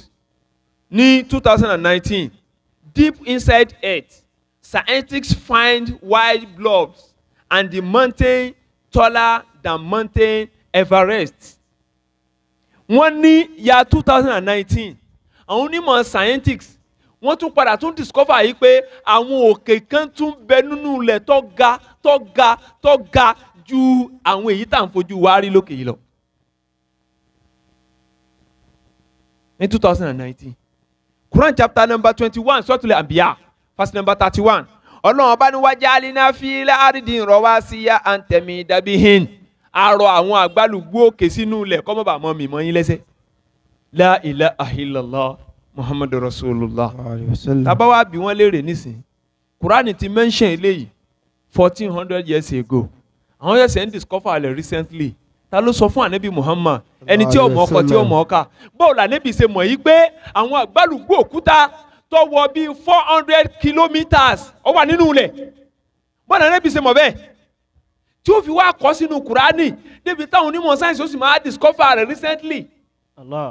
ní 2019 Deep Inside Earth scientists find white blobs and the mountain taller than mountain Everest. wọ́n ní ya 2019 àwọn onímọ̀ scientists wọ́n tún padà tún discover yìí pé àwọn òkè kan tún bẹ nínú ilẹ̀ tó ga tó ga tó ga ju àwọn èyí tá à ń fojú wa rí lókè yìí lọ. ní 2019 Quran chapter number twenty-one, 21 sọ́tùlẹ̀ àbíyá verse number thirty one ọlọ́run ọba ní wájà alina fílẹ̀ àrídìn rọwá sí ya àǹtẹ̀mí dàbí hin arọ àwọn àgbálùgbò òkè sínú ilẹ̀ kọ́mọ́ bá mọ́ mi mọ́ yín lẹ́sẹ̀ la ilaha illallah muhammadu rasulullah tàbá wa bí wọ́n léèrè nísìnyí kuraani ti mention eléyìí fourteen hundred years ago àwọn yẹn ṣe ń discover alẹ recently ta ló sọ fún anabi muhammad ẹni tí ó mọ ọkọ tí ó mọ ọka báwo anabi ṣe mọ̀ yìí pé àwọn àgbálùgbò òkúta tó wọ bíi four hundred kilometres ó wà nínú ilẹ̀ bọ́ọ̀nà anábì ṣe mọ̀ bẹ́ẹ̀ tí ó fi wá kọ́ sínú kùránì débi táwọn onímọ̀ sáyẹ́nsì ó sì máa discover rẹ̀ recently. Allah.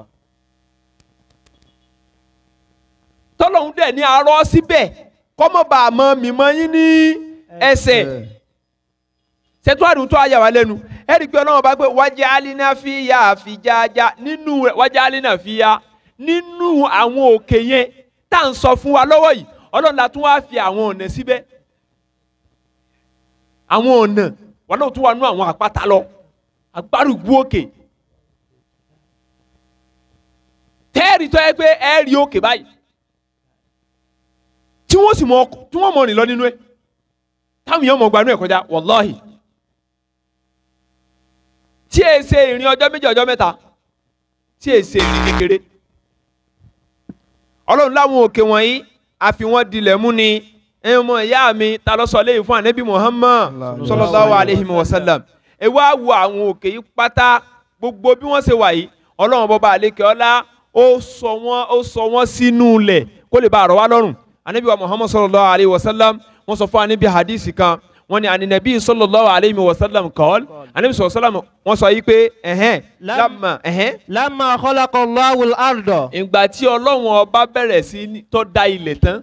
tọ́lọ́hún dẹ̀ ní arọ́ síbẹ̀ kọ́mọ̀bà àmọ́ mímọ́ yín ní ẹsẹ̀ sẹ́túwádìí tó ayà wá lẹ́nu ẹ̀rí pé ọlọ́run bá pé wájà alínà fi ya àfijájá nínú wájà alínà fi ya nínú àwọn òkè yẹn tá à ń sọ fún wa lọ́wọ́ yìí ọlọ́run la tún wá fi àwọn ọ̀nà síbẹ̀ àwọn ọ̀nà wọn náà tún wà nú àwọn àpáta lọ agbárùgbù òkè tẹ́ẹ̀rì tó yẹ pé ẹ rí òkè báyìí tí wọ́n sì mọ ọkọ̀ tí wọ́n mọ rìn lọ nínú ẹ̀ táwọn èèyàn mọ̀ gbanú ẹ̀ kọjá wàláhì tí èsè ìrìn ọjọ́ méjì ọjọ́ mẹ́ta tí èsè ìrìn kékeré ọlọ́run láwọn òkè wọ̀nyí a fi wọ́n dilẹ̀ mú ni ẹ̀yin ọmọ ìyá mi ta ló sọ léyìn fún anabi muhammad sallallahu alayhi wa sallam ẹ wá wo àwọn òkè yìí pátá gbogbo bí wọ́n ṣe wà yìí ọlọ́run bọba àlekè ọlá ó sọ wọ́n ó sọ wọ́n sínú ilẹ̀ kó lè bá àrọ̀ lọ́rùn anabi wa muhammad sallallahu alayhi wa sallam wọ́n sọ fún anabi hadisi kan wọ́n ní ànínàbí sallallahu alayhi wa sallam kọ́ọ́l ànínàbí sallallahu alayhi wa sallam wọ́n sọ yìí pé ẹ̀hẹ́n lámà ẹ̀hẹ́n. lámà khalaqa Allahu al-arda. ìgbà tí ọlọ́run ọba bẹ̀rẹ̀ sí tó da ilẹ̀ tán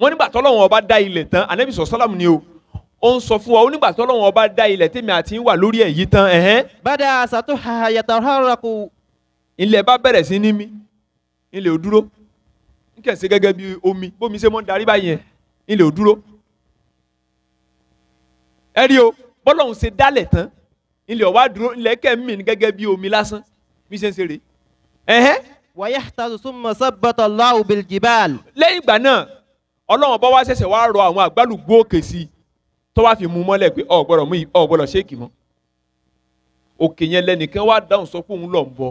wọ́n nígbà tọ́lọ́run ọba da ilẹ̀ tán ànínàbí sallallahu alayhi wa sallam ni o ó ń sọ fún wa onígbà tọ́lọ́run ọba da ilẹ̀ tèmi àti ń wà lórí ẹ̀ yìí tán ẹ̀hẹ́n. bada satuha yataharraku. ilẹ̀ bá bẹ̀rẹ̀ ẹ rí o bọ́lọ́hún ṣe dálẹ̀ tán ilẹ̀ ọ̀wá dúró ilẹ̀ kẹ́mi ní gẹ́gẹ́ bí omi lásán bí ṣe ń ṣe rè é. wàyà tàbí súnmọ́ sábàtà láwù bíi jìbáàlì. lẹ́yìn ìgbà náà ọlọ́run bá wá ṣẹ̀ṣẹ̀ wá rọ àwọn àgbálùgbò òkè sí i tó wá fi mú mọ́lẹ̀ pé ọ̀ gbọ́dọ̀ mú ọ̀ gbọ́dọ̀ ṣéèkì mọ́ òkè yẹn lẹ́nìkan wá dáhùn sọ pé òun lọ ń bọ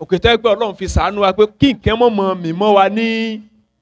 òkè tó yẹ pé ọlọ́run fi sàánú wa pé kí nǹkan mọ̀ mọ̀ mí mọ́ wa ní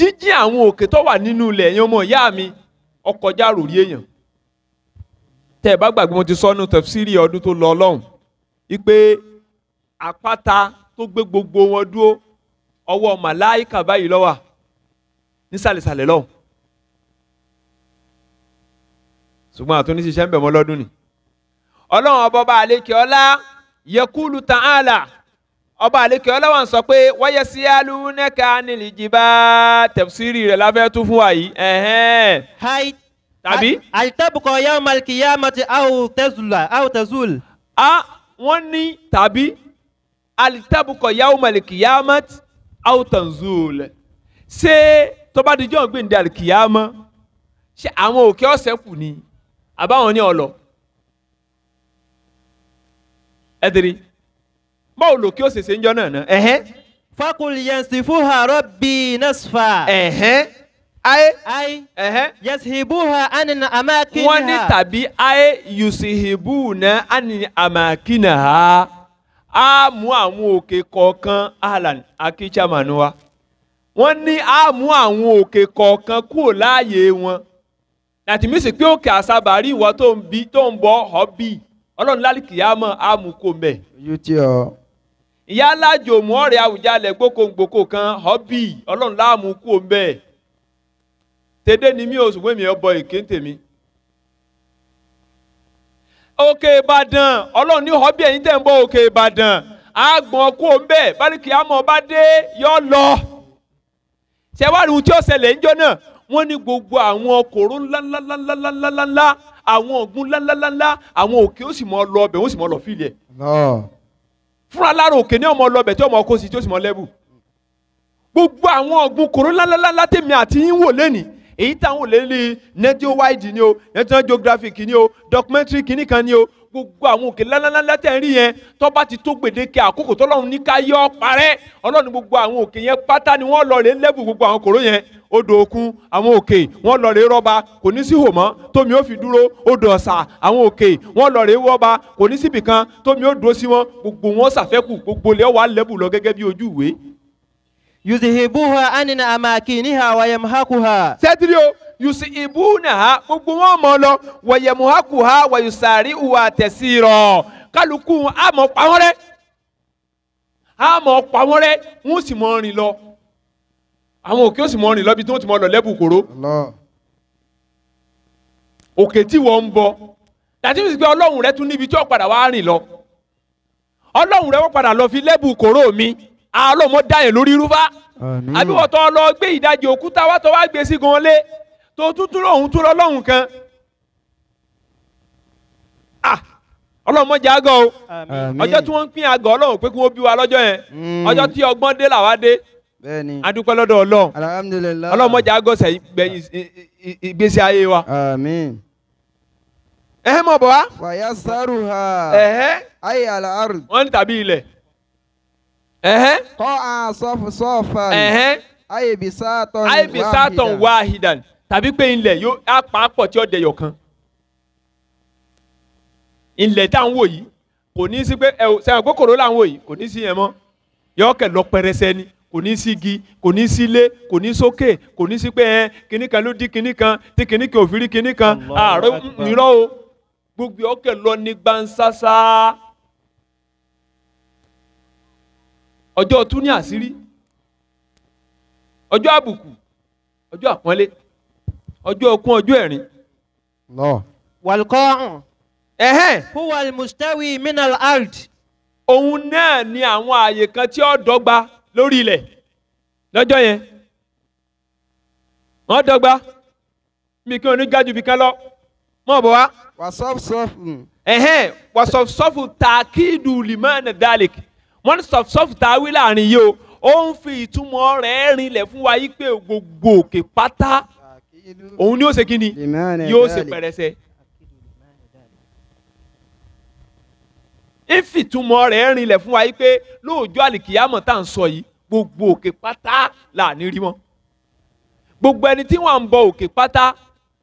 jíjí àwọn òkè tó wà nínú ilẹ̀ ẹ̀yin ọmọ ìyá mi ọkọjá ròrí èèyàn tẹ́ ẹ bá gbàgbé mo ti sọ nínú tẹ̀fsíìrì ọdún tó lọ ọlọ́run wípé àpáta tó gbé gbogbo wọn dúró ọwọ́ màláìkà báyìí ló wà nísàlẹ̀sàlẹ̀ lọ́hùn ṣùgbọ́n àtúndí ṣiṣẹ́ ń bẹ̀ mọ́ lọ́dún ni ọlọ́run ọba ọba àlekè ọlá yẹkúlù tààlà ọba àlekè ọlọ́wọ̀n sọ pé wáyé sí alúnẹ́ka nílì jìbá tẹ̀síìrì rẹ̀ láfẹ́ tún fún wa yìí. tàbí. àìtẹ́bùkọ̀ yá malki yá mati àwòtẹ́zùl. a wọ́n ní tàbí àìtẹ́bùkọ̀ yá malki yá mati àwòtẹ́zùl. ṣé tọ́ba díjọ́ gbèǹde àlìkìyàmọ́ ṣé àwọn òkè ọ̀sẹ̀ kù ni àbáwọn ní ọlọ. ẹ báwo lò kí ó ṣèṣe ń jọ náà náà ẹ̀hẹ́n. fakul yansifuha rabbi nasfa. ẹ̀hẹ́n ayé. ayé. ẹ̀hẹ́. yasihibuha ani na amakina. wọ́n ní tàbí ayé yusihibu na ani amakina ha. a mú àwọn òkè kọ̀ọ̀kan alan akíchamanu wa. wọ́n ní a mú àwọn òkè kọ̀ọ̀kan kúrò láàyè wọn. láti mí sì pé òkè àsábàárì ìwọ tó ń bí tó ń bọ́ ọ́ bí ọlọ́run lálẹ́ kìyàmọ́ a mú mẹ́. ojú tí ọ. ìyá alájì òmù ọ̀rẹ́ àwùjalẹ̀ gbókòǹgbòkò kan họ́bì ọlọ́run láàmú kú ni mí oṣù wẹ́mi ọbọ èké tèmi. òkè ìbàdàn ọlọ́run ní họ́bì ẹ̀yìn tẹ̀ ń òkè ìbàdàn àgbọ̀n kú òun yọ lọ. tí ó ṣẹlẹ̀ wọ́n gbogbo àwọn kòró àwọn ńláńláńláńlá àwọn òkè ó sì lọ fúnra lára òkè ní ọmọ lọbẹ tí ọmọ kó sí tí ó sì mọ lẹ́bù gbogbo àwọn ọ̀gbun kòró ńláńláńlá tèmi àti yín wò lénìí èyí táwọn lélẹ̀ nẹ́tíò wáìdì ni o nẹ́tíò geographic ni o documentary kìíní kan ni o gbogbo àwọn òkè lálálálá tẹ̀ ń rí yẹn tó ti tó gbèdéke àkókò tọ́lọ́run ní ká yọ parẹ́ ọlọ́run gbogbo àwọn òkè yẹn pátá ni wọ́n lọ rè lẹ́bù gbogbo àwọn kòró yẹn odò òkun àwọn òkè wọ́n lọ rè rọ́ba kò ní sí hòmọ́ tómi ó fi dúró odò ọ̀sà àwọn òkè wọ́n lọ rè wọ́ba kò ní síbìkan tómi ó dúró sí wọn gbogbo wọn ṣàfẹ́kù gbogbo lẹ́wọ̀ á lẹ́bù lọ gẹ́gẹ́ bí ojú ìwé yuzihibuha anina amakiniha wayamhakuha. sẹ́tìrì o yuzihibunaha gbogbo wọn mọ̀ lọ wayamhakuha wayusari uwa tẹ̀sí rọ̀ kálukú àmọ̀ pa wọ́n rẹ́ àmọ̀ pa wọ́n rẹ́ wọ́n sì mọ̀ rìn lọ àwọn òkè ó sì mọ̀ rìn lọ bí tí wọ́n ti mọ̀ lọ lẹ́bù òkè tí wọ́n ń bọ̀ tàbí pé ọlọ́run rẹ tún níbi tí ó padà wá rìn lọ ọlọ́run rẹ wọ́n padà lọ fi lẹ́bù mi àlọ́mọ dáyẹ̀ lórí irúfá àbí wọ́n tọ́ lọ gbé ìdajì òkúta wá tọ́ wá gbé sí gan lé tó tútú lòun tó lọ́lọ́hùn kan ọlọ́mọ jẹ́ àgọ́ o ọjọ́ tí wọ́n ń pín àgọ́ ọlọ́run pé kí wọ́n bí wa lọ́jọ́ yẹn mm. ọjọ́ tí ọgbọ́n dé làwa dé adúpẹ́ lọ́dọ̀ ọlọ́run ọlọ́mọ jẹ́ àgọ́ sẹ́yìn gbẹ̀yìn ìgbésí ayé wa ẹ̀hẹ́ mọ̀ bọ̀ wá. fàyà sárùhà ẹ̀hẹ́ ayé àlàárù. wọ́n ní tàbí ilẹ̀. Kọ a sọ́fù sọ́fà yìí ayébi sátọ̀n wáhìdàn ayébi tàbí pé ilẹ̀ yóò pàápọ̀ tí ó dẹyọ̀ kan ilẹ̀ tá à ń yìí kò ní sí pé ẹ ò sẹ́wọ̀n pé là yìí kò ní sí yẹn mọ́ yọ lọ pẹrẹsẹ ni kò ní sí igi kò ní sí kò ní sókè kò ní sí pé ẹ kinní kan ló di kinní kan tí kinní o gbogbo lọ ní gbansasa ọjọ́ tú ní àṣírí ọjọ́ àbùkù ọjọ́ àpọ́nlé ọjọ́ ọkún ọjọ́ ẹ̀rín. lọ. wàlùkọ́rùn. ẹ̀hẹ́n. huwa almustawi minal ard. òun náà ni àwọn ààyè kan tí ó dọ́gba lórí ilẹ̀ lọ́jọ́ yẹn wọ́n dọ́gba mi kí oní gájú bí kan lọ mọ̀ bọ̀ wá. wàsọ́fù sọ́fù. ẹ̀hẹ́n wàsọ́fù sọ́fù tàkìdù lìmọ́ọ̀nà dálẹ̀kì wọ́n ní sọ̀fùsọ̀fùtà wí láàrin yìí o ó ń fi ìtumọ̀ rẹ̀ rinlẹ̀ fún wa yí pé gbogbo òkè pátá òun ni ó ṣe kí ni yóò ṣe pẹrẹsẹ. ìfìtumọ̀ rẹ̀ rinlẹ̀ fún wa yí pé lóòjọ́ àlìkìyàmọ̀ tá à ń sọ yìí gbogbo òkè pátá là ní rí mọ́ gbogbo ẹni tí wọ́n ń bọ òkè pátá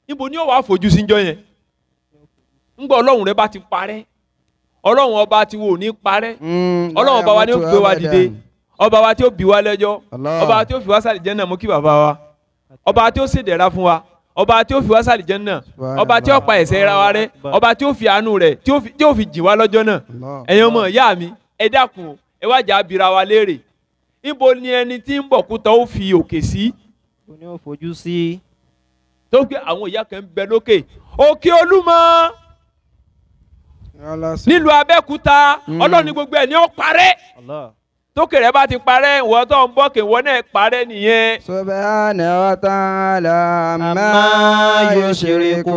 níbo ni ó wàá fojú sí jọ yẹn ńgbọ́ ọlọ́run rẹ bá ti parẹ́ ọlọ́run ọba tí wò ní parẹ́ mm, ọlọ́run ọba wa ni ó gbé wa dìde ọba wa tí ó bí wa lẹ́jọ́ ọba tí ó fi wá sàlì jẹ́ náà mú kí bàbá wa ọba tí ó ṣèdẹ̀ra fún wa ọba tí ó fi wá sàlì jẹ́ ọba tí ó pa ẹ̀ṣẹ̀ ra wa rẹ́ ọba tí ó fi àánú rẹ̀ tí ó fi jìn wá lọ́jọ́ náà ẹ̀yin ọmọ ìyá mi ẹ dákun ẹ wá jà bira wa léèrè níbo ni ẹni tí ń bọ̀ kútọ́ ó fi òkè sí. ó ní ó sí. tó gbé àwọn ìyá kan bẹ lókè òkè olúmọ nílùú abẹ́kúta hmm. ọlọ́run ní gbogbo ẹ̀ ní ó parẹ́ tókè rẹ bá ti parẹ́ ìwọ tó ń bọ̀ kí ìwọ náà parẹ́ nìyẹn. subhana wa ta'ala ma yushriku.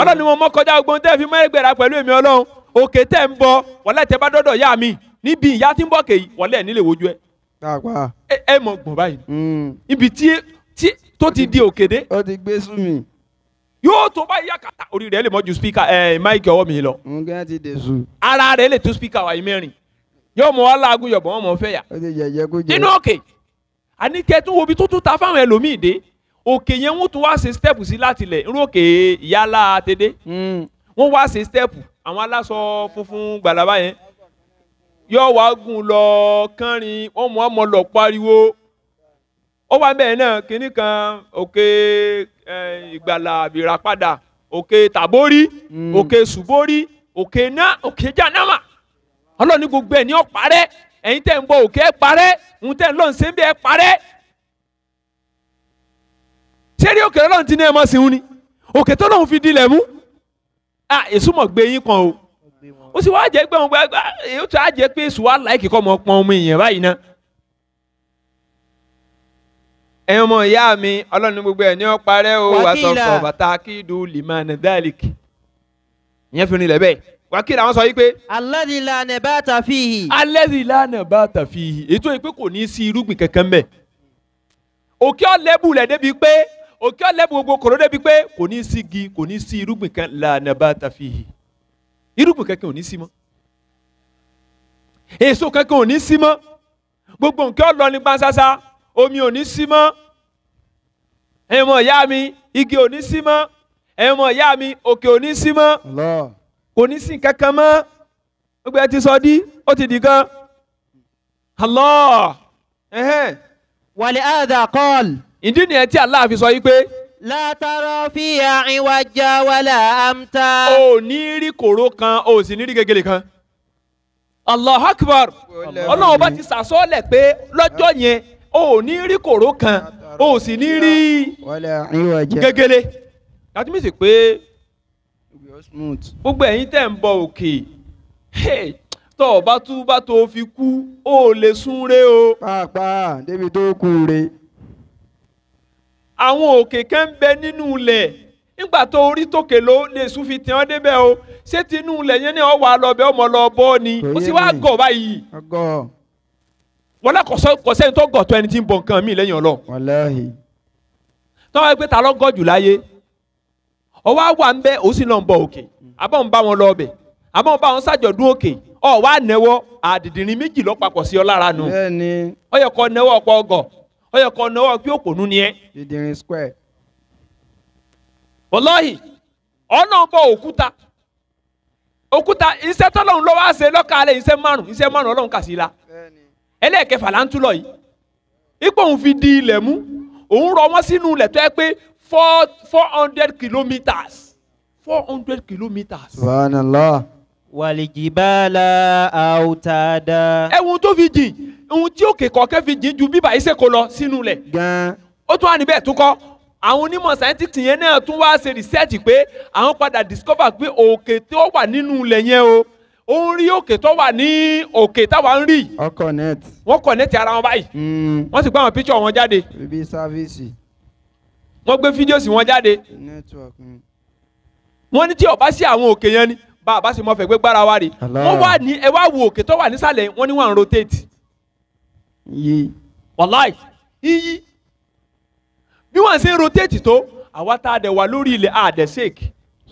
ọlọ́run ni mo mọ kọjá ogun tẹ́ fi mọ́ ẹgbẹ̀rà pẹ̀lú èmi ọlọ́run òkè tẹ́ ń bọ wọlé tẹ́ bá dọ́dọ̀ yá mi níbi ìyá tí ń bọ̀ kèyí wọlé ẹ̀ nílé wojú ẹ. ẹ mọ̀ gbọ̀n báyìí. Hmm. ibi tí tó ti di òkèdè. ó ti gbé sú mi yóò tó báyìí yà kàtà orí rẹ̀ lè mọ ju spika ẹ máìkì ọwọ́ mi lọ. nǹkan ti dè sùn. ara rẹ̀ lè tó spika wáyé mẹ́rin yóò mọ wá láàgùn yọ̀bọ̀ wọn mọ̀ fẹ́ yà. ó ti jẹjẹ kó jẹ. nínú òkè àníkẹ́ tún wo bí tó tún ta fáwọn ẹlòmíì dé òkè yẹn wọ́n tún wá ṣe step sí láti lẹ̀ irú òkè yálà tẹ́dẹ́ hmm. wọ́n wá ṣe step àwọn aláṣọ funfun gbàlábà yẹn yóò wá gùn lọ kánrin wọ́n mọ̀ ó wà bẹ́ẹ̀ náà kinní kan òkè ìgbàlà àbìràpadà òkè tàbórí hmm. òkè ṣùbórí òkè náà òkè jànámà ọlọ́ọ̀ni gbogbo ẹ̀ ní ó parẹ́ ẹ̀yin tẹ̀ ń bọ òkè ẹ̀ parẹ́ òun tẹ̀ ń lọ́n ṣe ń bẹ́ẹ̀ parẹ́ sẹ́rí òkè ọlọ́run ti ní ẹ̀ mọ́ sí un ni òkè tó lóun fi dilẹ̀ mú à èso gbé yín kan o ó sì wá jẹ́ pé òun gbàgbà èyí tó á pé èso wá láìkì kọ́ mọ́ pọ́n ọmọ èèyàn báyìí náà ẹ̀yin ọmọ ìyá mi ọlọ́run ní gbogbo ẹ̀ ní ó parẹ́ o àsọ̀sọ̀ bàtà kídu limani dalik ìyẹn fi rinlẹ̀ bẹ́ẹ̀ wákìlá wọn sọ yìí pé. alẹ́dì lànà bá ta fi hì. alẹ́dì lànà bá ta fi hì ètò ìpè kò ní í sí irúgbìn kankan bẹ́ẹ̀ òkè ọ̀lẹ́bù lẹ̀ débi pé òkè ọ̀lẹ́bù gbogbo kòró débi pé kò ní í sí igi kò ní í sí irúgbìn kan lànà bá ta fi hì irúgbìn kankan ò ní í sí mọ́ èso kankan ò ní omi ò ní sí mọ́ ẹ̀yin ọmọ ìyá mi igi ò ní sí mọ́ ẹ̀yin ọmọ ìyá mi òkè ò ní sí mọ́ kò ní sí kankan mọ́ gbogbo ẹ ti sọ di ó ti di gan. Allah wàlẹ̀ àdà kọ́ọ̀l. ìdí nìyẹn tí Allah fi sọ yìí pé. látàrọ fi àìwájà wàlà àmta. o ní rí kòró kan o sì ní rí gegele kan. Allah akbar ọlọ́run bá ti sàsọ́ọ̀lẹ̀ pé lọ́jọ́ yẹn o ní rí kòró kan o sì ní rí gẹ́gẹ́lé that means pé gbogbo ẹ̀yin tẹ̀ ń bọ òkè tọ́ ọ bá tú bá tó fi kú o ò lè súnre o. pàápàá débi tó kú re. àwọn òkè kan ń bẹ nínú ilẹ̀ nígbà tó orí tòkè ló lè sún fi tẹ̀ débẹ̀ o ṣé tinú ilẹ̀ yẹn ni ọ̀ wà lọ́bẹ̀ ọmọ bọ́ ni ó sì wá gọ̀ báyìí. wọn náà kò sẹ́ni tó ẹni tí ń bọ nǹkan mi lẹ́yìn ọlọ́run. wàláhì. tọ́wọ́ ẹgbẹ́ ta ló ń gọ̀jù láyé ọwọ́ àwa ń sì lọ ń bọ wọn lọ ọbẹ̀ àbọ̀ ń bá wọn òkè nẹ́wọ́ àdìdìrín méjì papọ̀ sí ọ lára nu. bẹ́ẹ̀ni. ó kọ kó nẹ́wọ́ ni ẹ. dìdìrín square. ọ̀nà ń bọ òkúta òkúta iṣẹ́ tọ́lọ́run lọ́wọ́ àṣẹ iṣẹ́ márùn-ún iṣẹ́ márùn-ún la. ẹlẹ́ẹ̀kẹfà là ń tú lọ yìí ipò òun fi di ilẹ̀ mú òun rọ wọ́n sínú ilẹ̀ tó yẹ pé four four hundred kilometres four hundred kilometres. subhanallah. wàlìjìbálà àwùtàdà. ẹ̀wùn tó fi jìn ohun tí òkè kọ̀ọ̀kẹ́ fi jìn ju bíbá ìṣèkò lọ sínú ilẹ̀. gan. ó tún wà níbẹ̀ tún kọ́ àwọn onímọ̀ scientist yẹn náà tún wá ṣe research pé àwọn padà discover pé òkè tó wà nínú ilẹ̀ yẹn o ó ń rí òkè tó wà ní òkè táwa ń rí. ọ connect. wọ́n connect ara wọn báyìí. Hmm. wọ́n sì gbé àwọn picture wọn jáde. ibi sáfíìsì. wọ́n gbé fídíò sí wọn jáde. network. Hmm. wọ́n ní tí ó bá sí àwọn òkè yẹn ni bá a bá sì mọ fẹ́ gbé gbára wa rè. wọ́n wà ní ẹ wá wo òkè tó wà nísàlẹ̀ wọ́n ní wọ́n ń rotate. yí. wàláì iyì bí wọ́n ṣe ń rotate tó àwa tá a dẹ̀ wà lórí ilẹ̀ àdẹ̀ sèk.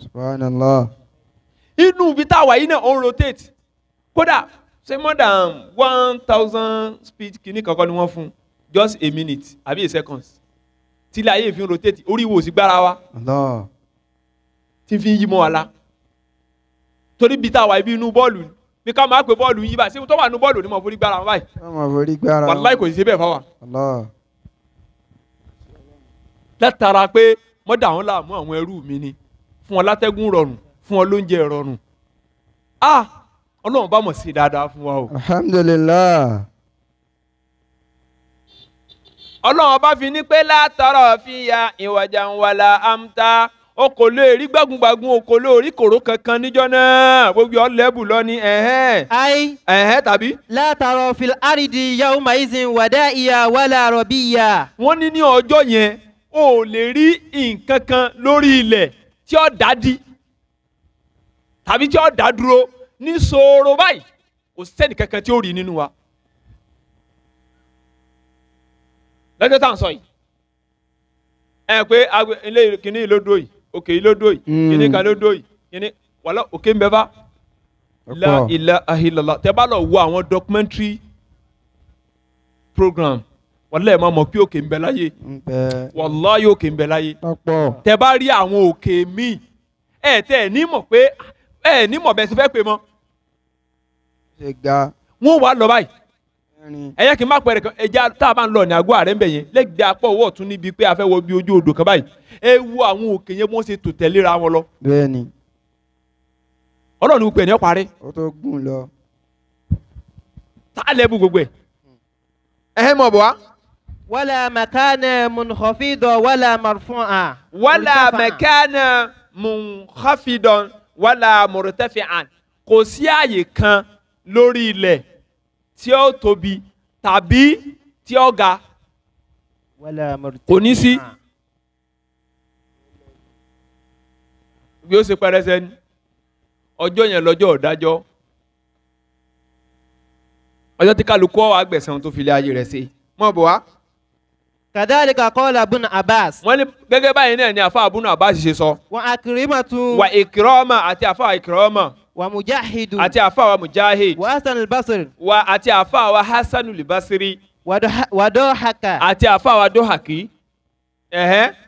subhanallah inú ibi tá a wà yìí náà ó ń rotate kódà say more than one thousand speed kìíní kankan ni wọ́n fún just a minute àbí a second tí ilé ayé fi ń rotate orí wo sì gbára wa tí fi ń yí mọ́ wa la torí ibi tá a wà ibi inú bọ́ọ̀lù bí ká máa pè bọ́ọ̀lù yí báyìí ṣé tó wà nínú bọ́ọ̀lù ni mo forí gbára wọn báyìí. mo forí gbára wọn wàláì kò sí bẹ́ẹ̀ fáwa. látara pé mọ́dà wọn làmú àwọn ẹrú mi ni fún ọ rọrùn fún ọ lóúnjẹ ìrọ̀rùn ah ọlọ́run bá mọ̀ sí dáadáa fún wa o. alhamdulilah. ọlọ́run bá fi ní pé látara fìyà ìwàjà ń wàlà àmta o kò lè rí gbàgùngbàgùn o kò lè rí kòró kankan níjọ́ náà gbogbo ọlẹ́bù lọ́ni ẹ̀hẹ́n. ayi ẹ̀hẹ́n tàbí. látara fil aridi yahoo maizin wàdà ìyá wàlà rọ̀bìyà. wọ́n ní ní ọjọ́ yẹn o ò lè rí nǹkan kan lórí ilẹ̀ tí ó dá di tàbí tí ó dá dúró ní sòrò báyìí kò sẹ́ni kankan tí ó rí nínú wa. lọ́jọ́ tá à ń sọ yìí ẹ pé ilé kìíní ló dó yìí òkè yìí ló dó yìí mm. kìíní ló dó yìí kìíní wàlá òkè ń bẹ bá la ilaha illallah tẹ bá lọ wo àwọn documentary program wàlá ẹ máa mọ̀ pé òkè ń bẹ láyé wàlá yóò òkè ń bẹ láyé tẹ bá rí àwọn òkè míì ẹ tẹ ẹ ní mọ̀ pé ẹ ní mọ̀ bẹ́ẹ̀ sì fẹ́ pè mọ́. wọ́n wà lọ báyìí ẹ̀yẹ́ kì í má pẹ̀rẹ̀ kan ẹja tá a bá ń lọ ní àgọ́ ààrẹ ń bẹ̀ yẹn lẹ́gbẹ̀ẹ́ apá ọwọ́ ọ̀tún níbi pé a fẹ́ wọ bí ojú odò kan báyìí ẹ wo àwọn òkè yẹn bí wọ́n ṣe tò tẹ̀léra wọn lọ. bẹ́ẹ̀ni. ọlọ́run gbogbo ẹ̀ ní ọ̀parí. ó tó gùn lọ. tá a lẹ́ bu gbogbo ẹ̀. ẹ̀hẹ́ mọ̀ bọ̀ wá wala makana munkhafidon wala Wala mọ̀rọ̀tẹ́fẹ̀ àn kò sí àyè kan lórí ilẹ̀ tí ó tóbi tàbí tí ó ga kò ní sí bí ó ṣe pẹrẹsẹ ni ọjọ́ yẹn lọ́jọ́ ọ̀dájọ́ ọjọ́ tí kálukú ọ̀ àgbẹ̀sán tó fi lé ayé rẹ̀ ṣe mọ̀ bọ̀ wá kàdáàlìkà kọ́ọ̀lá bùnà abbas. wọ́n ní gẹ́gẹ́ báyìí náà ni àfa àbúnà abbas ṣe sọ. wà á kìrìmà tún. wà ìkìrọ́mà àti àfa ìkìrọ́mà. wà mujahidu. àti àfa wa mujahid. wà hasan albasiri. wà àti àfa wa hasan albasiri. wà dọ́haka. àti àfa wa dọ́haki.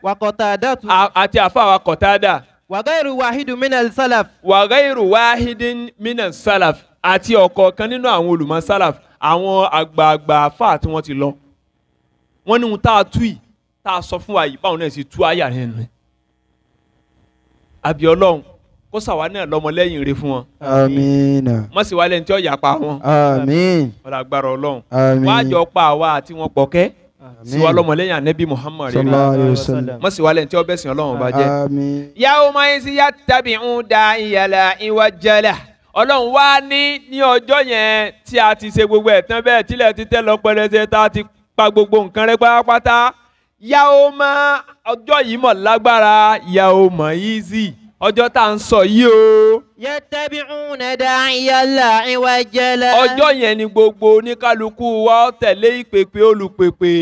wà kọ̀tàdà tún. àti àfa wa kọ̀tàdà. wà gáyìrù wàhídù minal salaf. wà gáyìrù wàhídù minal salaf àti ọ̀kọ̀ọ̀kan nínú àwọn olùmọ̀ salaf àwọn àgbààgbà àfa àti wọn ti lọ wọ́n ní ohun tá a tú yìí tá a sọ fún wa yìí báwọn náà ṣe tú àyà rẹ̀ nù. àbí ọlọ́run kó sàwa náà lọ́mọlẹ́yìn rẹ̀ fún wọn. amiina. mọ̀ sí wa lẹ́ni tí ó yà pa wọn. amiin. ọ̀rọ̀ agbára ọlọ́run. amiin. wọ́n á jọ pa àwa àti wọn pọ̀ kẹ́ siwa lọmọlẹ́yìn anabi muhammad rẹ mọ siwa lẹ́yìn tí ó bẹ̀sìn ọlọ́run bá jẹ́. yàwó máa ọlọ́run wá ní ní ọjọ́ yẹn tí a ti ṣe gbogbo ẹ̀ tán bẹ́ẹ̀ tílẹ̀ ti tẹ́ lọ pẹrẹsẹ tá a ti pa gbogbo nǹkan rẹ pátápátá yà ó mọ ọjọ́ yìí mọ̀ lágbára yà ó mọ̀ easy ọjọ́ tá à ń sọ yìí o. yattabi'una da'iya la iwaja la. ọjọ́ yẹn ni gbogbo oníkálukú wa tẹ̀lé ìpèpè olùpèpè.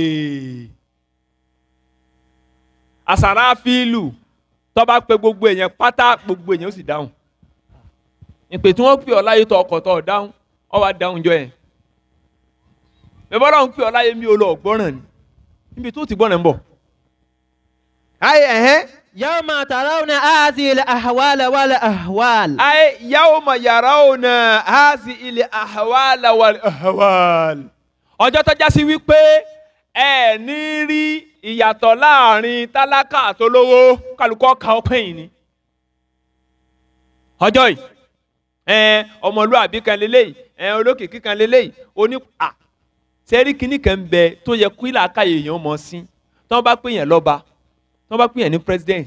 àsàrà fíìlù tó bá pe gbogbo èèyàn pátá gbogbo èèyàn ó sì dáhùn. ìpè tí wọ́n pè ọ́ láyé tó dáhùn ọ̀ wá dáhùn jọ yẹn bẹ́ẹ̀ bọ́lá ń pè ọ láyé mi ò lọ ọ̀gbọ́ràn ni níbi tó ti gbọ́ràn ń bọ̀. ayé ẹ̀hẹ́ yàwó máa tààrà ọ̀nà ààzì ilẹ̀ àhàwálà wàlẹ̀ àhàwálà. ayé yàwó máa yàrá ọ̀nà ààzì ilẹ̀ àhàwálà wàlẹ̀ àhàwálà. ọjọ́ tó já sí wípé ẹ ní rí ìyàtọ̀ láàrin tálákà àtolówó kálukọ́ ka ọpẹ́ yìí ni. ọjọ́ yìí ọmọlúwàbí kan lélẹ́yìí olókìkí kan lélẹ́yìí oní sẹ́rí kínní kan ń bẹ tó yẹ kí làákàyè èèyàn mọ̀ sí tí wọ́n bá pè yàn lọ́ba tí bá pè yàn ní president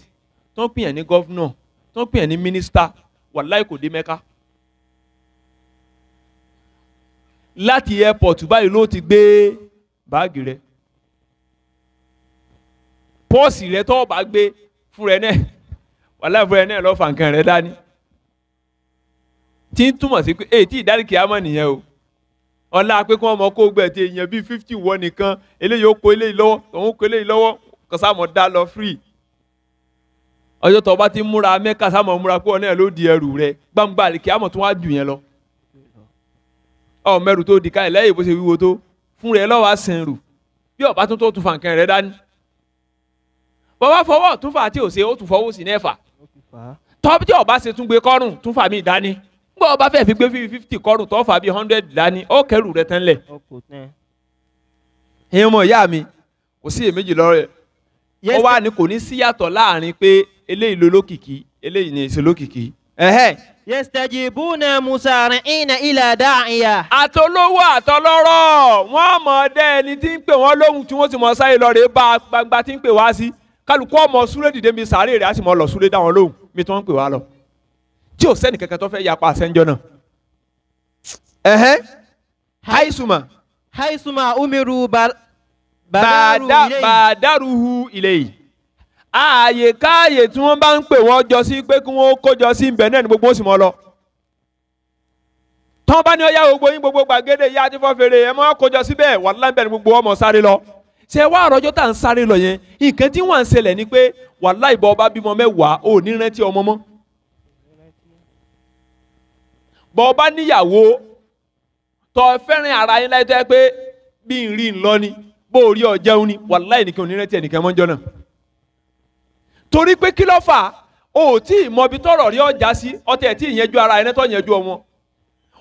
tí wọ́n pè yàn ní governor tí wọ́n pè yàn ní minister wàláì kò dé mẹ́ka. láti airport báyìí ló ti gbé báàgì rẹ̀ pọ́ọ̀sì rẹ̀ tọ́ bá gbé fún rẹ̀ náà wàláì fún rẹ̀ náà lọ́ọ́ fà nǹkan rẹ̀ dání tí ń túmọ̀ sí pé èyí tí ìdáríkì á mọ̀ nìyẹn o ọlá pé kí wọ́n mọ kó ti èèyàn bíi fifty wọ nìkan eléyìí ó kó eléyìí lọ́wọ́ òun kó eléyìí lọ́wọ́ kò sáàmọ̀ dá lọ free ọjọ́ tó bá ti múra mẹ́ka sáàmọ̀ múra pé ọ̀nà ẹ̀ ló di ẹrù rẹ gbangba àlèkè àmọ̀ tó wá jù yẹn lọ ọ mẹ́rù tó di ká ẹ̀ lẹ́yìn bó ṣe wíwo tó fún rẹ lọ́wọ́ àsẹ̀rù bí ọ̀bá tó tó tún fa nǹkan rẹ dání bọ́bá fọwọ́ tún fà á tí ò ṣe ó tún fọwọ́ sí náà fà tọ́ bí ọ̀bá ṣe tún gbé kọ́rùn tún fà mí dání gbọ́ ọba fẹ́ẹ́ fi gbé fifty kọ́rù tó fà bí hundred dání ó kẹrù rẹ tán lẹ̀. ẹ̀yin ọmọ ìyá mi kò sí èméjì lọ́rọ̀ ẹ̀ ó wà ní kò ní síyàtọ̀ láàrin pé eléyìí ló lókìkí eléyìí ni èso lókìkí. yẹ́sítẹ́jìbùnà musarin iná ilà dáìyà. àtolówó àtọlọ́rọ̀ wọ́n mọ̀ ọ́ dẹ́ ẹni tí ń pè wọ́n lóhùn tí wọ́n sì mọ̀ sáyé lọ rèé bá gbangba tí ń pè wá sí kálukú ọmọ súré dìde mi sàárè rẹ̀ á sì mọ̀ lọ súré dáwọn lóhùn mi tí wọ́n ń pè wá lọ. tí o sẹ́ni kankan tó fẹ́ yapa àṣẹjọ́ náà. haisuma. haisuma umiru badaru ilé yìí ààyè káàyè tí wọ́n bá ń pè wọ́n jọ sí pé kí wọ́n kó jọ sí ibẹ̀ náà ni gbogbo ó sì mọ́ lọ. tọ́ bá ní gbogbo yín gbogbo gbàgede ìyá àti fọ́fèrè ẹ̀ mọ́ kó jọ síbẹ̀ wàhálà gbogbo ọmọ sáré lọ. ṣé wá àròjọ tá à ń sáré lọ yẹn nǹkan tí ń ṣẹlẹ̀ ni ọba bímọ mẹ́wàá ò ní bọ́ ọ bá níyàwó tọ́ fẹ́ràn ara yín láyé tó yẹ pé bí n rí n lọ ni bó o rí ọ jẹun ni wàláì nìkan onírètí ẹnìkan mọ́jọ́ náà. torí pé kí ló fà o tí ì mọbi tọrọ rí ọjà sí ọtẹ tí ì yẹjú ara rẹ nẹtọ yẹjú ọmọ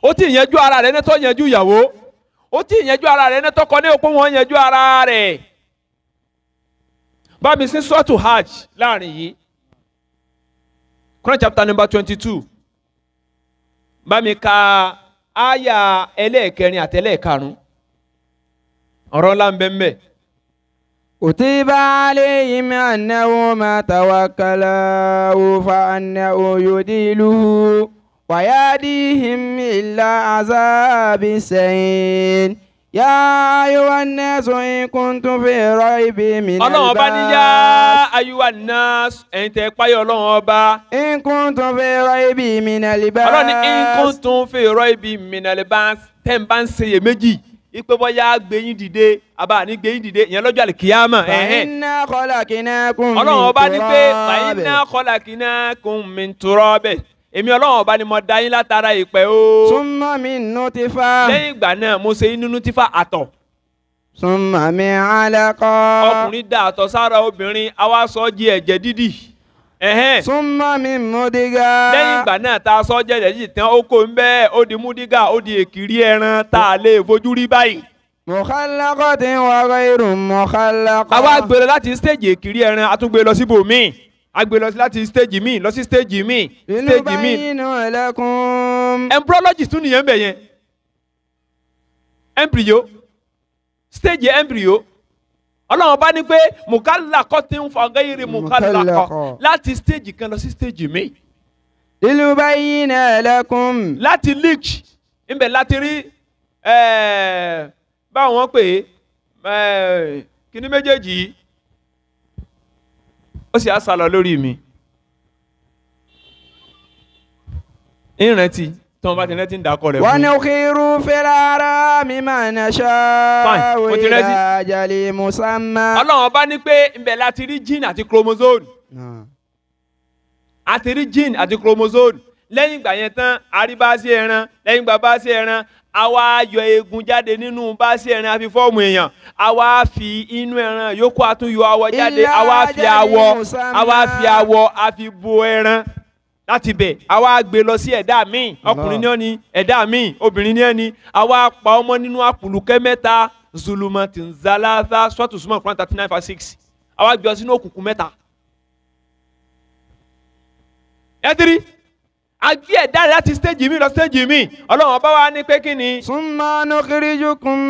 o tí ì yẹjú ara rẹ nẹtọ yẹjú ìyàwó o tí ì ara rẹ nẹtọ kọ ní òpó wọn yẹjú ara rẹ. bá mi sí sọ́ọ̀tù hajj láàrin yìí Quran chapter number twenty two bá mi ka àyà ẹlẹ́ẹ̀kẹrin àtẹlẹ́ẹ̀karùn ọ̀rọ̀ ńlá ń bẹ ń bẹ. كتب عليهم أنه ما توكلوا فأنه يديله ويأتيهم إلا عذاب سين yá ayúwa nẹ́ẹ̀sùn ikún tún fi rọ ibi mi náà. ọlọ́run ọba ní yá ayúwa nẹ́ẹ̀sùn ẹ̀yìn tẹ́ páyọ̀ ọlọ́run ọba. ikún tún fi rọ ibi mi náà libas. ọlọ́run ní ikún tún fi rọ ibi mi náà libas tẹ́ ń bá ń ṣe iyèméjì ipe bóyá gbẹ̀yìn dìde àbá ní gbẹ̀yìn dìde ìyẹn lọ́jọ́ àlìkíyàmà. fàyínà kọlà kìnnà kùn mi tùrọ̀ bẹ̀. ọlọ́run ọba ní pé fàyínà kọlà kìnnà kùn mi tùrọ̀ bẹ̀ èmi ọlọ́run ọba ni mo dá yín látara ìpẹ́ o. súnmọ́ mi nù ti fa. lẹ́yìn ìgbà náà mo ṣe inú ti fa àtọ̀. súnmọ́ mi alẹ́kọ́. ọkùnrin dá àtọ̀ sára obìnrin àwa sọ jí ẹ̀jẹ̀ dídì. súnmọ́ mi múdígà. lẹ́yìn ìgbà náà tá sọ jẹ́ ẹ̀jẹ̀ dídì tán ó kó ń bẹ́ẹ̀ ó di múdígà ó di èkìrí ẹran tá a lè fojú rí báyìí. mọ̀kálàkọ́ ti ń wá irun mọ̀kálàkọ́. àwa gbèrè láti stéèjì èkìrí ẹran agbe lọ láti stage mi lọ sí stage mi stage mi. inú bá inú embryology tún nìyẹn bẹ̀ yẹn embryo stage embryo ọlọ́run bá ní pé mùkálàkọ́ ti ń fa gẹ́yìrì mùkálàkọ́ láti stage kan lọ sí stage mi. ìlú bá yín ẹlẹ́kùn. láti leak ńbẹ̀ láti rí eh, báwọn pè é eh, kíní méjèèjì yìí ó sì á sálọ lórí mi ìrántí tí wọn bá ti rántí ń dakọ rẹ. wọn ni kiri fẹ́rara mi máa ń ṣá òyìnbá jàlè musamman. ọlọ́run ọba ní pé ńbẹ̀ láti rí gene àti chromosome àti rí gene àti chromosome lẹ́yìn ìgbà yẹn tán àrí bá sí ẹran lẹ́yìn ìgbà bá sí ẹran àwa yọ eegun jáde nínú bá sí ẹran àfi fọ́ọ̀mù èèyàn àwa fi inú ẹran yòókù àtúnyọ awọ jáde àwa fi awọ àwa fi awọ àfi bo ẹran láti bẹ̀ àwa gbé lọ sí ẹ̀dá míì ọkùnrin ní ọ̀ni ẹ̀dá míì obìnrin ní ẹ̀ni àwa pa ọmọ nínú àpùlùkẹ́ mẹ́ta zulumatin zalatha sọ́tù súnmọ́ kúrán thirty nine five six àwa gbé ọ sínú òkùnkùn mẹ́ta. ẹ tiri àgbé ẹ̀ dára láti stéèjì mi lọ stéèjì mi ọlọ́run ọba wa ní pé kí ni. súnmọ́ nukirijukum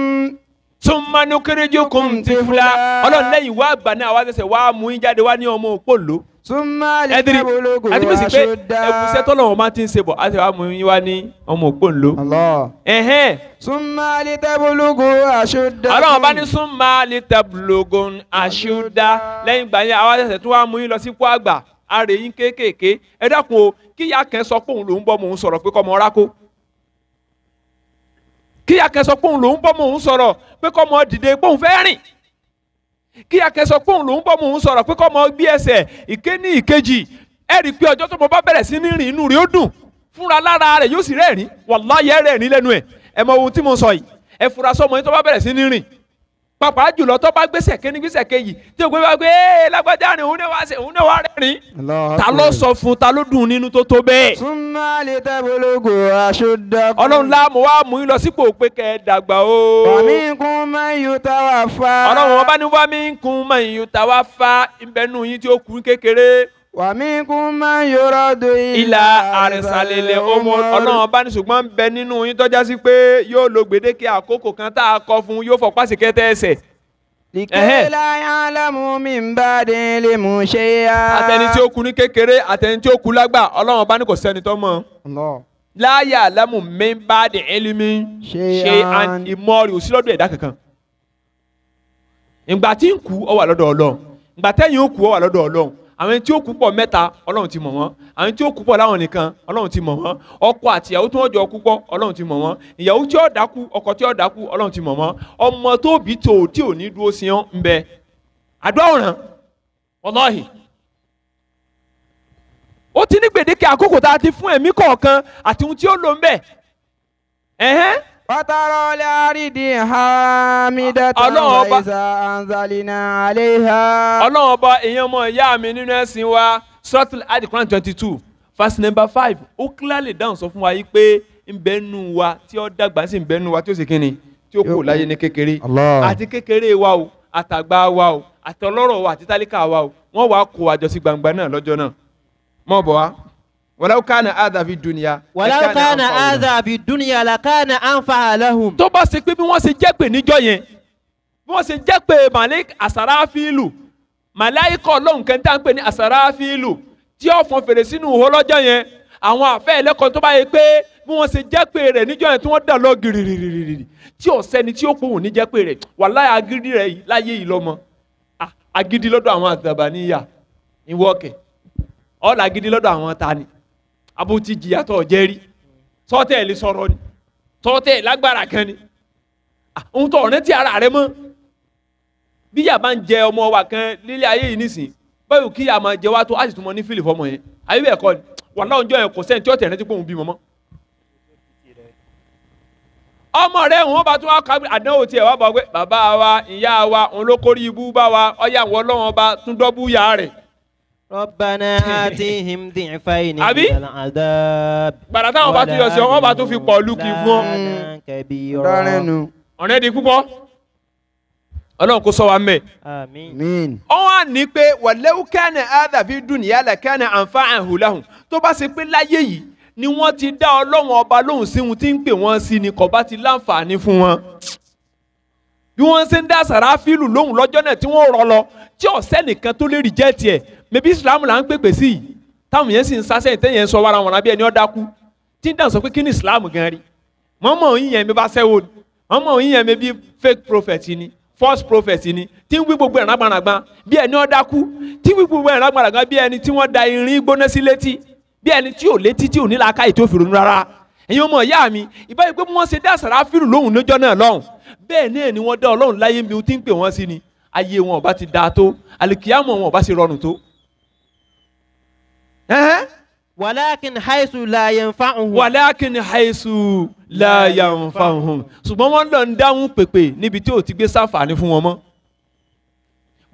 túnmá nukirijukum tifla ọlọ́run lẹ́yìn wá àgbà náà wá sẹ̀sẹ̀ wá mú yín jáde wá ní ọmọ òpólò. súnmọ́ lè ká bológo aṣọ dáa àdìmísì pé ẹ̀kúsẹ́ tọ́lọ́run máa ti ń ṣe bọ̀ á sì wá mú yín wá ní ọmọ òpólò. súnmọ́ lè ká bológo aṣọ dáa. ọlọ́run bá ní súnmọ́ lè ká bológo aṣọ dáa lẹ́yìn ìgbà yẹn àwa sẹ̀sẹ̀ tún wá mú yín lọ sí kó àgbà arè yín kéékèèké ẹ dákun o kíyà kẹ́ sọ pé òun lòún bọ́ mò ń sọ̀rọ̀ pé kọ́ mọ rákò kíyà kẹ́ sọ pé òun lòún bọ́ mò ń sọ̀rọ̀ pé kọ́ mọ dìde pé òun fẹ́ rìn kíyà kẹ́ sọ pé òun lòún bọ́ mò ń sọ̀rọ̀ pé kọ́ mọ gbé ẹsẹ̀ ìkéní ìkejì ẹ rí i pé ọjọ́ tó mo bá bẹ̀rẹ̀ sí ní rìn inú rẹ̀ ó dùn fúnra lára rẹ̀ yóò sì rẹ́rìn wàláyé rẹ́rìn lẹ́nu ẹ̀ ẹ mọ ohun tí mo sọ yìí ẹ fura sọmọ yín tó bá bẹ̀rẹ̀ sí ní rìn pàpà jùlọ tó bá gbèsè kéni gbèsè kejì tí o gbé bá gbé ee lágbájá ni òun náà wá ṣe òun náà wá rẹ́rìn. ta ló sọ fún ta ló dùn nínú tó tó bẹ́ẹ̀. súnmọ́ lè tẹ́ bológo aṣọ dàgbà. ọlọ́run láàmú wa mú ilọ sípò pé kẹ́ ẹ dàgbà o. wàmí kún máa yù tá fa. ọlọ́run wọn bá ní wàmí kún máa yù tá fa ìbẹ́nu yín tí ó kú kékeré wàmíkún máa ń yọrọ do ilà àrìnsàlẹ̀lẹ̀ ọmọ ọlọ́run bá ní ṣùgbọ́n ń bẹ nínú yín tọ́já sí pé yóò lo gbèdéke àkókò kan tá a kọ fún yóò fọpá sí kẹtẹ ẹsẹ̀. ìkẹ́lá yàlámù mi ń bá dé lè mú ṣe yá. àtẹni tí ó kú ní kékeré àtẹni tí ó kú lágbà ọlọ́run bá ní kò sẹ́ni tó mọ̀. láyà lámù mi ń bá dé ẹlẹ́mi ṣe ìmọ̀ rẹ̀ òsínlọ́dún ẹ̀dá kankan. ìgbà tí ń kú ó wà lọ́dọ̀ ọlọ́run ìgbà tẹ́yìn ó kú ó wà lọ́dọ̀ ọlọ́run àwọn tí ó kú pọ̀ mẹ́ta ọlọ́run ti mọ̀ wọ́n àwọn tí ó kú pọ̀ láwọn nìkan ọlọ́run ti mọ̀ wọ́n ọkọ àti ìyàwó tí wọ́n jọ kú pọ̀ ọlọ́run ti mọ̀ wọ́n ìyàwó tí ó dákú ọkọ tí ó dákú ọlọ́run ti mọ̀ wọ́n ọmọ tó bí tí ò ní dúró sí ọ́n ń bẹ fún ẹ̀mí kọ̀ọ̀kan àti ohun tí Wátàrọ̀ lè àrídì Hamidata Ìsà Anzalina Aleha. Ọlọ́run ọba èèyàn ọmọ ìyá mi nínú ẹ̀sìn wa verse number five ó clearly dáhùn sọ fún wa yìí wa tí ó dàgbà sí nbẹ́nu wa tí ó sì kíni tí ó kù láyé ní kékeré àti kékeré wa o àtàgbà wa o àtọlọ́rọ̀ wa àti tálíkà wa o wọ́n wàá kó àjọsí gbangba náà lọ́jọ́ náà mọ̀ bọ̀ wá walaw kana adha fi dunya. walaw kana adha fi dunya la kana anfa lahum. tó bá ṣe pé bí wọ́n ṣe jẹ́ pé níjọ́ yẹn bí wọ́n ṣe jẹ́ pé malik asarafilu malayika ọlọ́run kẹ́ńtà ń pè ní asarafilu tí ó fọn fèrè sínú ìhó lọ́jọ́ yẹn àwọn àfẹ́ ẹlẹ́kọ̀ọ́ tó bá yẹ pé bí wọ́n ṣe jẹ́ pé rẹ̀ níjọ́ yẹn tí wọ́n dà lọ gìrìrìrìrì tí ọ̀sẹ́ni tí ó pòun ní jẹ́ pé rẹ̀ wàláyé agídí rẹ̀ láyé yìí lọ́mọ ah, agídí lọ́dọ̀ àwọn àgbàbà níyà ìwọ́kẹ̀ ọ̀là agídí lọ́dọ̀ àwọn tani aboti jiyatọ jẹri sọtẹ le sọ̀rọ̀ ni sọtẹ lágbára kan ni ohun tó ọ̀rẹ́ ti ara rẹ̀ mọ́ bíyà bá ń jẹ ọmọ wa kan lílé ayé yìí nísìn báyò kí yà máa jẹ wá tó a sì ní fílì fọmọ yẹn ayé bẹ́ẹ̀ kọ́ ni wà láwọn ọjọ́ yẹn kò sẹ́ni tí ó tẹ̀rẹ́ ti pòun bímọ mọ́. ọmọ rẹ wọn bá tún wá ká àdánwò tiẹ̀ wá bọ̀ pé bàbá wa ìyá wa òun ló kórìí ibú bá wa ọ̀yà wọn lọ́wọ́n bá tún dọ́bú yà rẹ̀ ربنا آتهم ضعفين من العذاب gbàrà táwọn bá tún yọ sí ọ wọn bá tún fi pọ̀ lùkì fún ọ. dárẹ́nu. ọ̀rẹ́ di púpọ̀ ọlọ́run kò sọ wa mẹ́. àmín. ọ̀hún ní pé wàlẹ́wù kẹ́nẹ̀ ádàbí dùnìyà lẹ̀ kẹ́nẹ̀ àǹfà àhùláhùn tó bá ṣe pé láyé yìí ni wọ́n ti dá ọlọ́run ọba lóhùn síhun tí ń pè wọ́n sí ni kò bá ti láǹfààní fún wọn bí wọ́n ṣe ń dá sàráfílù lóhùn lọ́jọ́ náà tí wọ́n rọ lọ tí ọ̀sẹ́ nìkan tó lè rìjẹ́tì ẹ̀ mẹbi islam là ń pèpè sí yìí táwọn yẹn sì ń sásẹ̀ tẹ́yẹ̀ ń sọ wàrà wọn abẹ́ ẹni ọ́ dákú tí ń dàn sọ pé kí ni islam gan rí mọ́mọ́ yín yẹn mi bá sẹ́wọ́ ni mọ́mọ́ yín yẹn mi bí fake prophet ni false prophet ni tí ń wí gbogbo ẹ̀rán agbanagban bí ẹni ọ́ dákú tí ń wí gbogbo ẹ̀rán agbanagban bí ẹni tí wọ́n da irin gbóná sí létí bí ẹni tí ò létí tí ò ní làákàyè tó fi ronú rárá ẹ̀yin ọmọ ìyá mi ìbáyìí pé wọ́n ṣe dá sàráfìrù lóhùn lọ́jọ́ náà lọ́hùn bẹ́ẹ̀ náà ni wọ́n dá ọlọ́run láyé mi ó ti ń pè wọ́n sí ni ayé wọn ò bá ti dáa tó àlìkìyàmọ̀ wọn ò bá ti rọrùn tó wàlákin haisu láyẹn fáhùn. wàlákin haisu láyẹn fáhùn. ṣùgbọ́n wọ́n lọ ń dáhùn pèpè níbi tí ò ti gbé sáfàní fún wọn mọ́.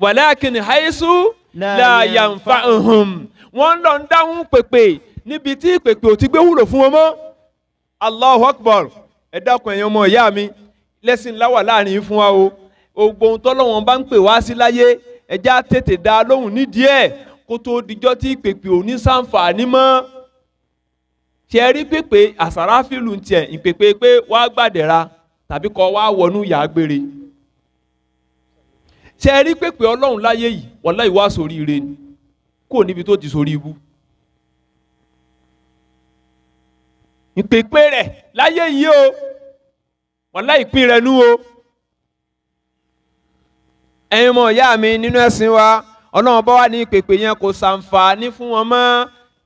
wàlákin haisu láyẹn fáhùn. wọ́n lọ ń dáhùn pèpè níbi tí pèpè ò ti gbé wúlò fún wọn mọ́. allahu akbar ẹ dákun ẹ̀yin ọmọ ìyá mi lẹ́sìn láwà láàrin yín fún wa o. ògbóhun tọ́lọ́wọ́n bá ń pè wá sí láyé ẹja tètè dá lóhùn nídìí ẹ̀ kó tó dijọ́ tí ìpèpè ò ní sàǹfààní mọ́ ṣe rí pèpè àsàráfìlù tiẹ̀ ìpèpè pé wàá gbàdẹ̀ra tàbí kọ́ wàá wọnú yàá gbére ṣe rí pèpè ọlọ́run láyé yìí wọ́lá ìwà sórí ire kò níbi tó ti sórí ibú. ìpèpè rẹ̀ láyé yìí o wọ́lá ìpín rẹ̀ nú o. ẹ̀yin mọ̀ ìyá mi nínú ẹ̀sìn wa ọlọ́run bá wà ní pèpè yẹn kò ṣàǹfààní fún wọn mọ́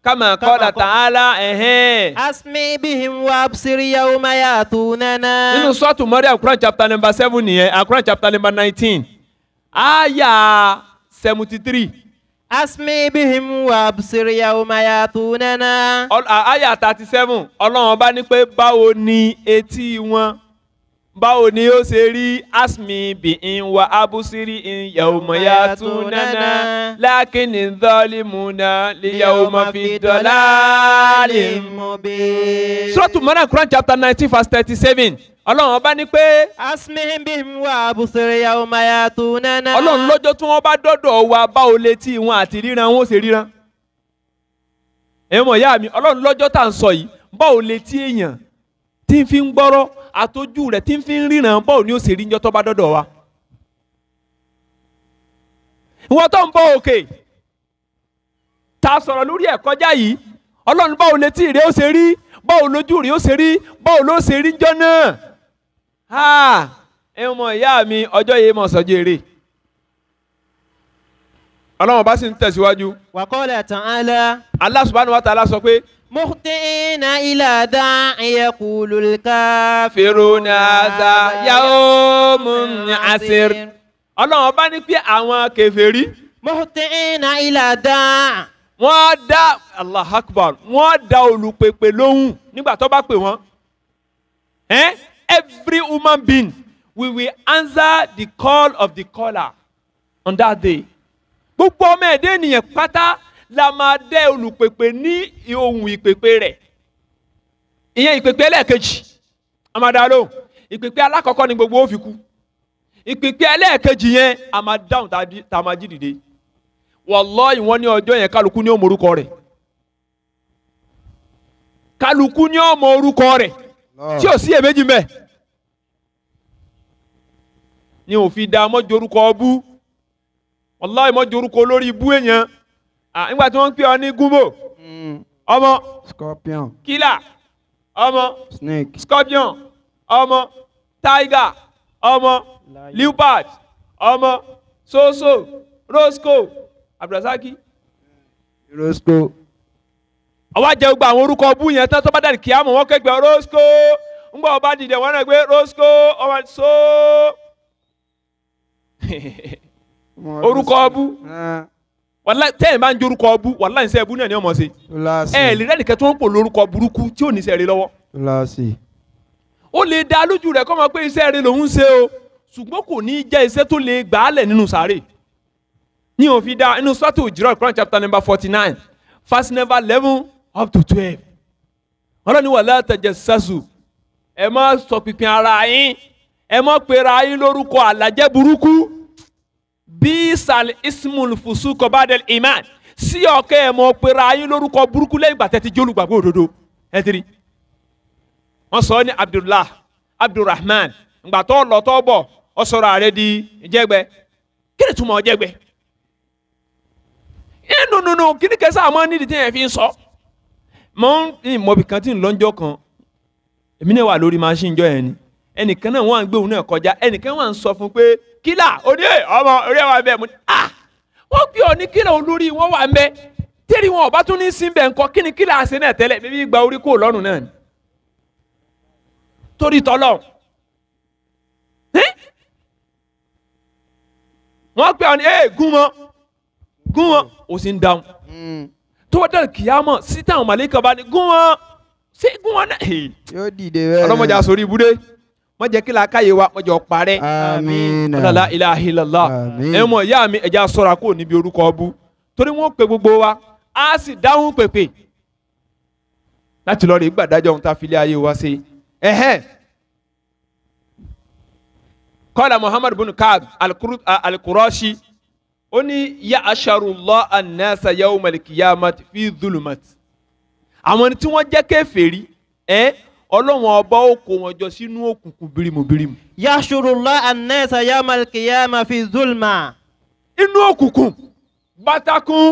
kama kọ́lá tààlà ẹ̀hẹ́n. asmi bihim wa absiri yawma yatunana. nínú sọ́ọ̀tù mọ́ríà Quran chapter number seven nìyẹn ah, Quran chapter number nineteen aya seventy three. asmi bihim wa absiri yawma yatunana. Ah, aya thirty seven ọlọ́run bá ní pé báwo ni etí wọn báwo ni ó ṣe rí asmi bìín wa abusiri in yahoma ya tún nana lákìní dọ́límùnà lìyàwoma fi dọ́là lè mọ̀ bẹ́ẹ̀. sọ́ọ̀tù mọ́nà Quran chapter nineteen verse thirty-seven ọlọ́run ọba ní pé. asmi bìín wa abusiri yahoma ya tún nana. ọlọ́run lọ́jọ́ tí wọ́n bá dọ́dọ̀ wa báwo létí wọn àti ríran wọn ó ṣe ríran. èèmọ̀ ìyá mi ọlọ́run lọ́jọ́ tá à ń sọ yìí báwo létí èèyàn tí ń fi ń gbọ́rọ̀ àtọ́jú rẹ̀ tí ń fi ń ríran bọ́ọ̀ ni ó sì rí njọ́ tó bá dọ́dọ̀ wa. ìwọ tó ń bọ òkè ta sọ̀rọ̀ lórí ẹ̀ kọjá yìí ọlọ́run báwo létí rẹ̀ ó ṣe rí báwo lójú rẹ̀ ó rí báwo ló ṣe rí njọ́ náà ẹ mọ ìyá mi ọjọ́ yìí mọ̀ sọ́jọ́ eré ọlọ́run bá sì ń tẹ̀síwájú. wa qala ta'ala. Allah subhanahu wa ta'ala sọ pé. مخطئين إلى داع يقول الكافرون هذا يوم عسير ọlọ́run ọba ní pé àwọn kèfèrí. مخطئين إلى داع. wọ́n dá allah akbar wọ́n dá olùpèpè lóhùn nígbà tó bá pè wọ́n. every human being we will answer the call of the caller on that day. gbogbo ọmọ ẹ̀dá ènìyàn pátá la máa dẹ́ olùpèpè ní ohun ìpèpè rẹ̀ ìyẹn ìpèpè ẹlẹ́ẹ̀kejì a ìpèpè alákọ̀ọ́kọ́ ni gbogbo ó fi kú ìpèpè ẹlẹ́ẹ̀kejì yẹn a tá a máa jí dìde wàlláhì wọ́n ní ọjọ́ yẹn kálukú ní ó orúkọ rẹ̀ kálukú ní ó orúkọ rẹ̀ tí ò ni òfin mọ́jọ orúkọ ọbú mọ́jọ nígbà tí wọ́n ń pè ọ ní gúnbò hmm. ọmọ scorpion killer ọmọ snake scorpion ọmọ tiger ọmọ leopard ọmọ soso rosco abdulrasaki. rosco. ọwọ́ àjẹ́ gbogbo àwọn orúkọ bú yẹn tán tó bá dàrí kíá mọ̀ wọ́n kẹ́gbẹ́ rosco ńgbà ọba dìde wọn náà gbé rosco ọmọ so orúkọ ọbú wàláì tẹ́yìn bá ń jorúkọ ọbú wàláì iṣẹ́ ẹbú náà ni ọmọ ṣe ẹ lè rẹ́nìkẹ́ tó ń pò lórúkọ burúkú tí ò ní sẹ́ẹ̀rẹ́ lọ́wọ́. ó lè da lójú rẹ̀ kọ́ mọ pé iṣẹ́ rẹ̀ lòún ṣe o ṣùgbọ́n kò ní í jẹ́ iṣẹ́ tó lè gbà á lẹ̀ nínú sàárè ní òfin da inú sọ́tò ìjírọ̀ Quran chapter number forty nine verse number eleven up to twelve ọlọ́ni wàlá tẹ̀jẹ̀ sẹ́sù ẹ má sọ pípín ara yín ẹ má pera yín lórúkọ àlàjẹ́ burúkú bísàl ismul fusuko badal iman sí ọ̀kẹ́ ẹ̀ mọ̀ pera ayé lórúkọ burúkú lẹ́yìn gbàtẹ́ ti jẹ́ olùgbàgbọ́ òdodo ẹ tiri wọ́n sọ ní abdullah abdulrahman ngbàtọ́ lọ́tọ́ bọ̀ ọ sọ̀rọ̀ ààrẹ di jẹ́gbẹ́ kí ni túmọ̀ jẹ́gbẹ́ ẹ nùnùnù kí ni kẹsàn án mọ́ yẹn fi ń sọ tí ń kan èmi wà lórí jọ ẹnìkan náà wọ́n à ń gbé òun náà kọjá ẹnìkan wọ́n à ń sọ fún pé kílà orí ọmọ orí ẹ̀ wà bẹ́ẹ̀ mu ni ah wọ́n gbé ọ ní kílà olórí wọn wà mẹ́ tẹ́lẹ̀ wọn ọba tún ní sínbẹ̀ ńkọ kí ni kílà àṣẹ náà tẹ́lẹ̀ bíbí gba orí kúrò lọ́rùn náà ni torí tọ́lọ̀ wọ́n pè ọ ní ẹ gún wọn gún wọn ó sì ń dáhùn hmm. tó bá dẹ̀rẹ̀ kìyàmọ̀ sítáwọn màlẹ́kà bá ní gún wọn ṣé gún wọn náà. yóò dìde bẹ́ẹ̀ ibùdó má jẹ́ kí làákàyè wa má jẹ́ ó parẹ́. àmín ọlọlá ilàhílàlá ẹ mọ ìyá mi ẹja ṣọ́ra kó níbi orúkọ ọbú torí wọn pe gbogbo wa a sì dáhùn pèpè láti lọ rí gbàdájọ ohun tá a fi lé ayé wa ṣe ẹhẹn kọ́lá muhammad bin kaab alikuroshi ó ní ya asharullah anasa yawmal qiyamati fi dhulumati àwọn tí wọ́n jẹ́ kèfèrí ẹ ọlọ́run ọba ó kó wọn jọ sínú òkùnkùn birimubirimu. yashurula anasa yamal kiyama fi zulma. inú òkùnkùn bátakún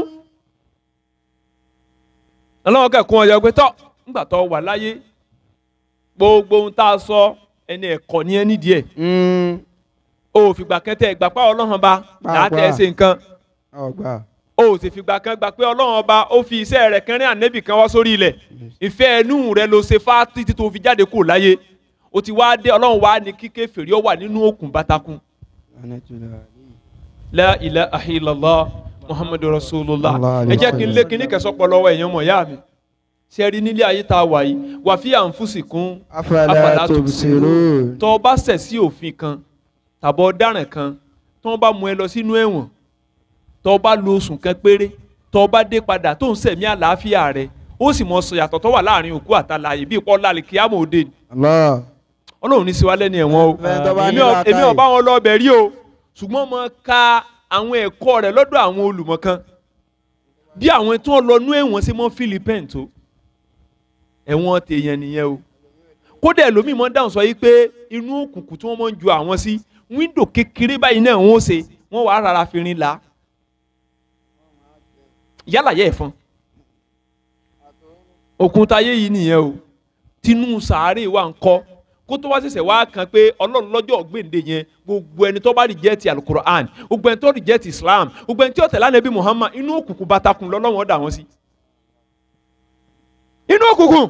ọlọ́run kẹ̀kún ọ̀yọ́ pé tọ́ nígbà tó wà láyé gbogbo ohun tá a sọ ẹni ẹ̀kọ́ ní ẹni díẹ̀ o ò fìgbà kẹtẹ ìgbà pàwọ́ ọlọ́run ba láti ẹ̀ ṣe nǹkan o ò sì fìgbà kan gbà pé ọlọ́run ọba ó fi iṣẹ́ rẹ̀ kan rí ànẹ́bì kan wá sórí ilẹ̀ ìfẹ́ inú rẹ̀ ló ṣe fá títí tó fi jáde kúrò láyé o ti wá dé ọlọ́run wá ní kíké fèrè ó wà nínú òkun bátakùn. la ilaha illallah muhammadu rasulullah ẹ jẹ́ kí n lé kíní kẹsàn pọ̀ lọ́wọ́ ẹ̀yàn mọ̀ yá mi ṣe rí nílé ayé tá a wà yìí wà fí àǹfùsì kún afàlà tòbṣèrò tó o bá ṣẹ̀ sí òfin kan tàbọ̀ ọ̀daràn kan tó bá lo oṣù kan péré tó bá dé padà tó ń sẹ̀mí àlàáfíà rẹ̀ ó sì mọ sọ yàtọ̀ tó wà láàrin òkú àtàlàyé bí ipò ọ̀la kìá mò dé ni. ọlọ́run ní siwálẹ́ ni ẹ̀wọ̀n o èmi ọba wọn lọ bẹ̀ rí o ṣùgbọ́n mo ka àwọn ẹ̀kọ́ rẹ̀ lọ́dọ̀ àwọn olùmọ̀ kan bí àwọn tí wọ́n lọ nú ẹ̀wọ̀n sí mọ́ philippine tó ẹ̀wọ̀n tèèyàn nìyẹn o kódà ẹlòmíì mọ́ dáhùn sọ yìí pé inú òkùnkùn tí wọ́n mọ́ ń ju àwọn sí wíńdò kékeré báyìí náà wọ́n ṣe wọ́n wàá rárá fi rin la yálàyé ẹ̀fọn òkun táyé yìí nìyẹn o tinú sàárè wa ń kọ́ kó tó wá ṣẹ̀ṣẹ̀ wá kan pé ọlọ́run lọ́jọ́ gbèǹde yẹn gbogbo ẹni tó bá reject alukur'an gbogbo ẹni tó reject islam gbogbo ẹni tí ó tẹ̀lé muhammad inú òkùnkùn bàtàkùn lọ́lọ́run ọ̀dà wọn sí. inú òkùnkùn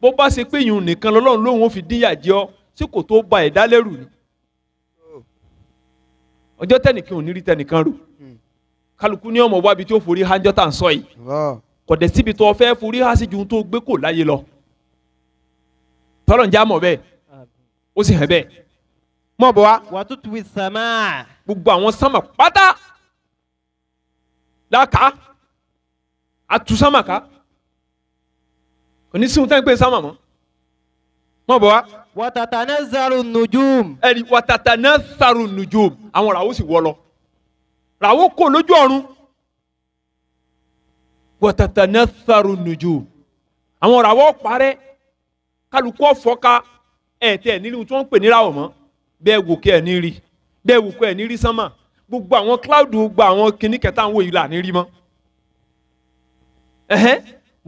bó bá ṣe pé ìyún nìkan lọ́lọ́run lóhùn ó fi díyà jẹ ọ́ sí kò tó ba ẹ̀dá lẹ́rù ni ọjọ́ tẹnìkan ò ní rí tẹnìkan rò kálukú ní ọmọ wábi tí ó forí hánjọ́ tà ń sọ yìí kò dẹ̀ síbi tó fẹ́ forí há sí ju tó gbé kò láyé lọ tọ́lọ̀ ń já mọ̀ bẹ́ẹ̀ ó sì hàn bẹ́ẹ̀ mọ̀ bọ̀ wá. wàtútù wí sàmà. gbogbo àwọn sàmà pátá láka atu sàmà ká onísìnkú tẹ́ ń pè sàmà mọ́ mọ̀ bọ̀ wá. wàtàtà náà sàrò nùjúm. ẹ̀rí wàtàtà náà sàrò nùjúm àwọn ràwọ̀ sì wọ́ lọ ràwọ̀ kò lójú ọ̀run wọ̀tàtà náà sàrò nùjú àwọn ràwọ̀ parẹ́ kálukú ọ̀fọ́ká ẹ̀ tẹ̀ nílí tí wọ́n ń pè ní ràwọ̀ mọ́ bẹ́ẹ̀ wò kẹ́ ẹ̀ ní rí bẹ́ẹ̀ wò kẹ́ ẹ̀ ní rí sánmà gbogbo àwọn cloud gba àwọn kinní kẹta àwọn òyìnbó àní rí mọ́.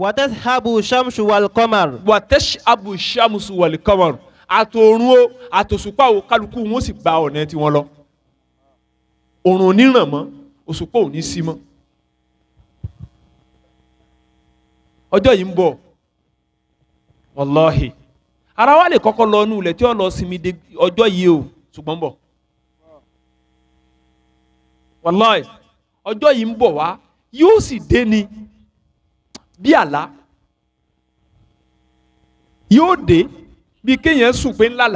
wàtẹ́sàbù sàmùsù wàlùkọ́màr. wàtẹ́sàbù sàmùsù wàlùkọ́màr àtòrun o àtòṣùpá o kálukú wọn sì gba ọ̀nà tiwọn lọ. òrùn oníràn mọ́ òṣùpá ò ní sí mọ́ ọjọ́ yìí ń ara wa lè lọ tí ó lọ sinmi de ọjọ́ yìí o ṣùgbọ́n bọ̀ wàláhì ọjọ́ yìí ń bọ̀ wá yóò ni bí àlá yóò dé bí kéèyàn sùn pé ńlá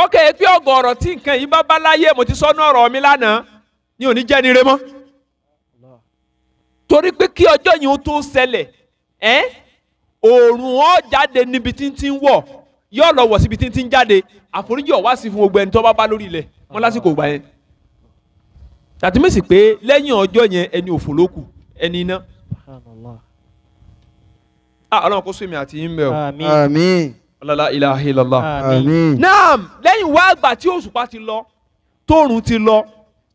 ok pé ọ̀gọ̀rọ̀ tí nǹkan yìí bá bá láyé mo ti sọnù ọ̀rọ̀ mi lánàá ni ò ní jẹ́ nire mọ́ torí pé kí ọjọ́ yìí ó tó ṣẹlẹ̀ ẹ́ òòrùn ó jáde níbi tí ń ti ń wọ̀ yóò lọ wọ̀ síbi tí ń ti ń jáde àforíjì ọ̀wá sí fún gbogbo ẹni tó bá bá lórí ilẹ̀ wọn lásìkò gbà yẹn tàbí pé lẹ́yìn ọjọ́ yẹn ẹni òfò ló ẹni iná. ah ọlọ́run kó sún mi àti yín bẹ́ẹ̀ o. àmín ọlọ́lá ilaha illallah. àmín. naam lẹ́yìn wá àgbà tí òṣùpá ti lọ tóòrùn ti lọ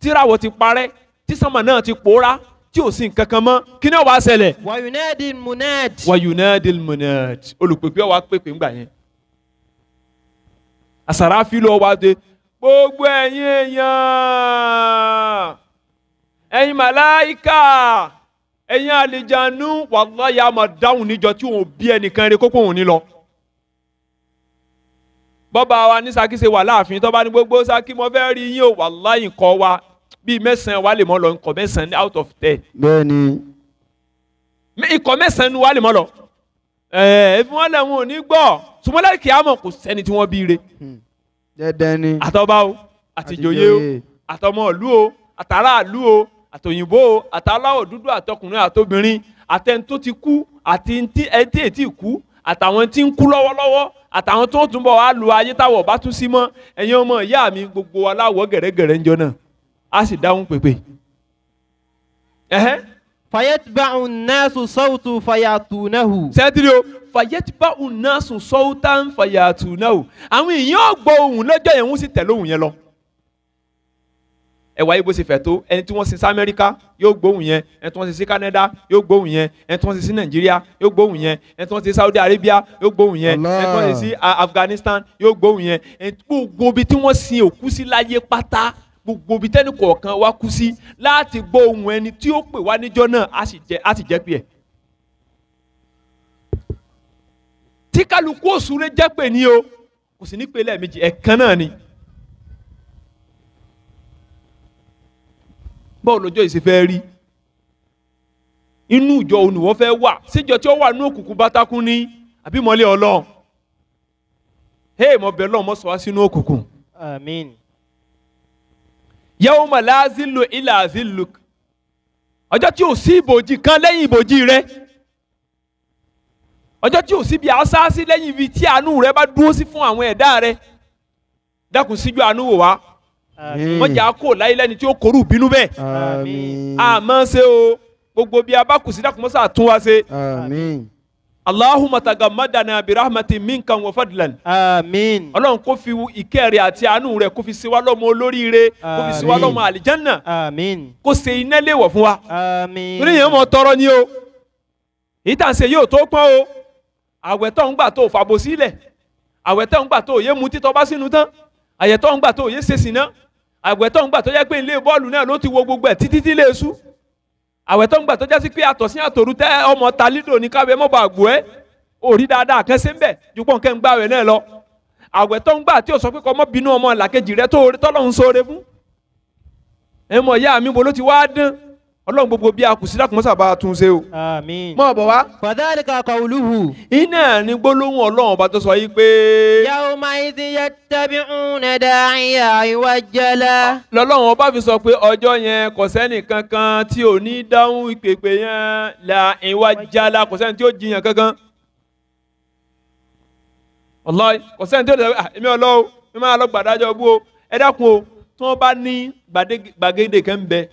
tíràwọ̀ ti parẹ́ tísánmà náà ti pòórá tí ò sí nǹkan kan mọ́ kí ni ó wá ṣẹlẹ̀. wayunadil munad. wayunadil munad olùpèpè ó wá pèpè ńgbà yẹn. àsàráfí ló wá dé gbogbo ẹ̀yin èèyàn ẹ̀yin màláìka ẹ̀yin àlìjánu wàlláyà máa dáhùn níjọ tí òun bí ẹnìkan rẹ kókó òun ní lọ bọ́ba wa ní Ṣakí ṣe wà láàfin tọ́ba ní gbogbo Ṣakí mo fẹ́ rí yín o wàláhì nǹkan wa bíi mẹ́sàn-án wa lè mọ́ lọ nǹkan mẹ́sàn-án out of ten. bẹ́ẹ̀ni. nǹkan mẹ́sàn-án wa lè mọ́ lọ. ẹ̀ẹ́ efi wọn lẹ́hìn òní gbọ́ sùmọ́lẹ́ kìámọ̀ kò sẹ́ni tí wọ́n bí re. Hmm. dẹ́dẹ́ ni. àtọ́ba o àtìjòyè o àtọmọ̀lú o àtàràlú o àtòyìnbó o àtàláwọ̀ dúdú àtọkùnrin àtobìnrin àtẹni tó ti kú àti ẹni tí èyí tí ì kú àtàwọn tí ń kú lọ́wọ́lọ́wọ́ àtàwọn tó túnbọ̀ wá lu ayé táwọ̀ bá tún sí mọ́ ẹ̀yin ọmọ ìyá mi gbogbo aláwọ̀ gẹ̀rẹ́gẹ̀rẹ́ ń jọ náà á sì dáhùn pèpè. fayetba'u an-nasu sawtu fayatunahu. sẹ́tìrì o fayetba'u an-nasu sawtan fayatunahu àwọn èèyàn gbọ́ ohùn lọ́jọ́ yẹn wọ́n sì tẹ̀lé ohùn yẹn lọ ẹ̀wà ibo ṣe fẹ̀ tó ẹni tí wọ́n sin sí amẹ́ríkà yóò gbóhùn yẹn ẹni tí wọ́n sin sí canada yóò gbóhùn yẹn ẹni tí wọ́n sin sí nàìjíríà yóò gbóhùn yẹn ẹni tí wọ́n sin sí saudi arabia yóò gbóhùn yẹn ẹni tí wọ́n sin sí afghanistan yóò gbóhùn yẹn ẹni gbogbo ibi tí wọ́n sin òkú sí láyé pátá gbogbo ibi tẹ́ni kọ̀ọ̀kan wa kú sí láti gbọ́ ohùn ẹni tí ó pè wá níjọ́ náà á sì jẹ́ pé ẹ̀. tí kálukú òṣùré jẹ́ pè ní o kò sì ní báwo lọ́jọ́ yìí ṣe fẹ́ rí inú ìjọ olùwọ́ fẹ́ wà síjọ tí ó wà ní òkùnkùn bátákún ní àbí mọ́lẹ̀ ọlọ́run hey mo bẹ̀ lọ́run mo sọ wá sínú òkùnkùn. àmín. yawma la zillu illa zilluk ọjọ́ tí ò sí ìbòjì kan lẹ́yìn ìbòjì rẹ ọjọ́ tí ò sí ibi àṣà sí lẹ́yìn ibi tí àánú rẹ bá dúró sí fún àwọn ẹ̀dá rẹ dákun síjú àánú wò wá mọ̀jà kò láyé lẹ́ni tí ó korú bínú bẹ́ẹ̀ àmọ́ ṣe o gbogbo bí a bá kù sí tún wá ṣe. Allahumma tagamadana birahmati minkan wa fadlan. Àmín. Ọlọ́run kò fi ìkẹ́ àti àánú rẹ̀ kò fi ṣe lọ́mọ olóríire. Àmín. Kò fi ṣe lọ́mọ àlìjánà. Àmín. Kò ṣe iná léwọ̀ fún wa. Àmín. Torí yẹn mọ̀ tọrọ ni o. Ìtànṣe yóò tó pọ́n o. Àwẹ̀ tó ń gbà tó fàbòsílẹ̀. Àwẹ̀ tó ń gbà tó yé mutí tó bá sínú tán. Àyẹ̀ tó ń gbà tó yé ṣèṣìná àwẹ̀ tó ń gbà tó jẹ́ pé ilé bọ́ọ̀lù náà ló ti wo gbogbo ẹ̀ títí tí lè sú àwẹ̀ tó ń gbà tó jẹ́ sí pé àtọ̀sí àtòrú tẹ́ ọmọ ta lídò ní káwé mọ́ bá gbò ẹ́ òrí dáadáa kan ṣe ń bẹ̀ ju pọ̀ nǹkan gbà wẹ̀ náà lọ àwẹ̀ tó ń gbà tí ò sọ pé kọ́ mọ́ bínú ọmọ làkejì rẹ tó tọ́lọ́hún sóore fún ẹ mọ̀ ìyá mi bo ló ti wá dán ọlọ́run gbogbo bí a kù sí dákùnmọ́sà bá a tún ṣe o. àmín. mọ bọ wá. fadhalika qawluhu. iná ní gbólóhùn ọlọ́run ọba tó sọ yìí pé. yawma idhi yattabi'una da'iya iwajjala. lọ́lọ́run ọba fi sọ pé ọjọ́ yẹn kò sẹ́ni kankan tí ò ní dáhùn ìpèpè yẹn la iwajjala kò sẹ́ni tí ó jiyàn kankan. wallahi kò sẹ́ni tí ó dẹ̀ ẹ̀mí ọlọ́wọ́ mi máa lọ gbàdájọ́ bú o ẹ dákun o tí wọ́n bá ní gbàgede kan bẹ́ẹ̀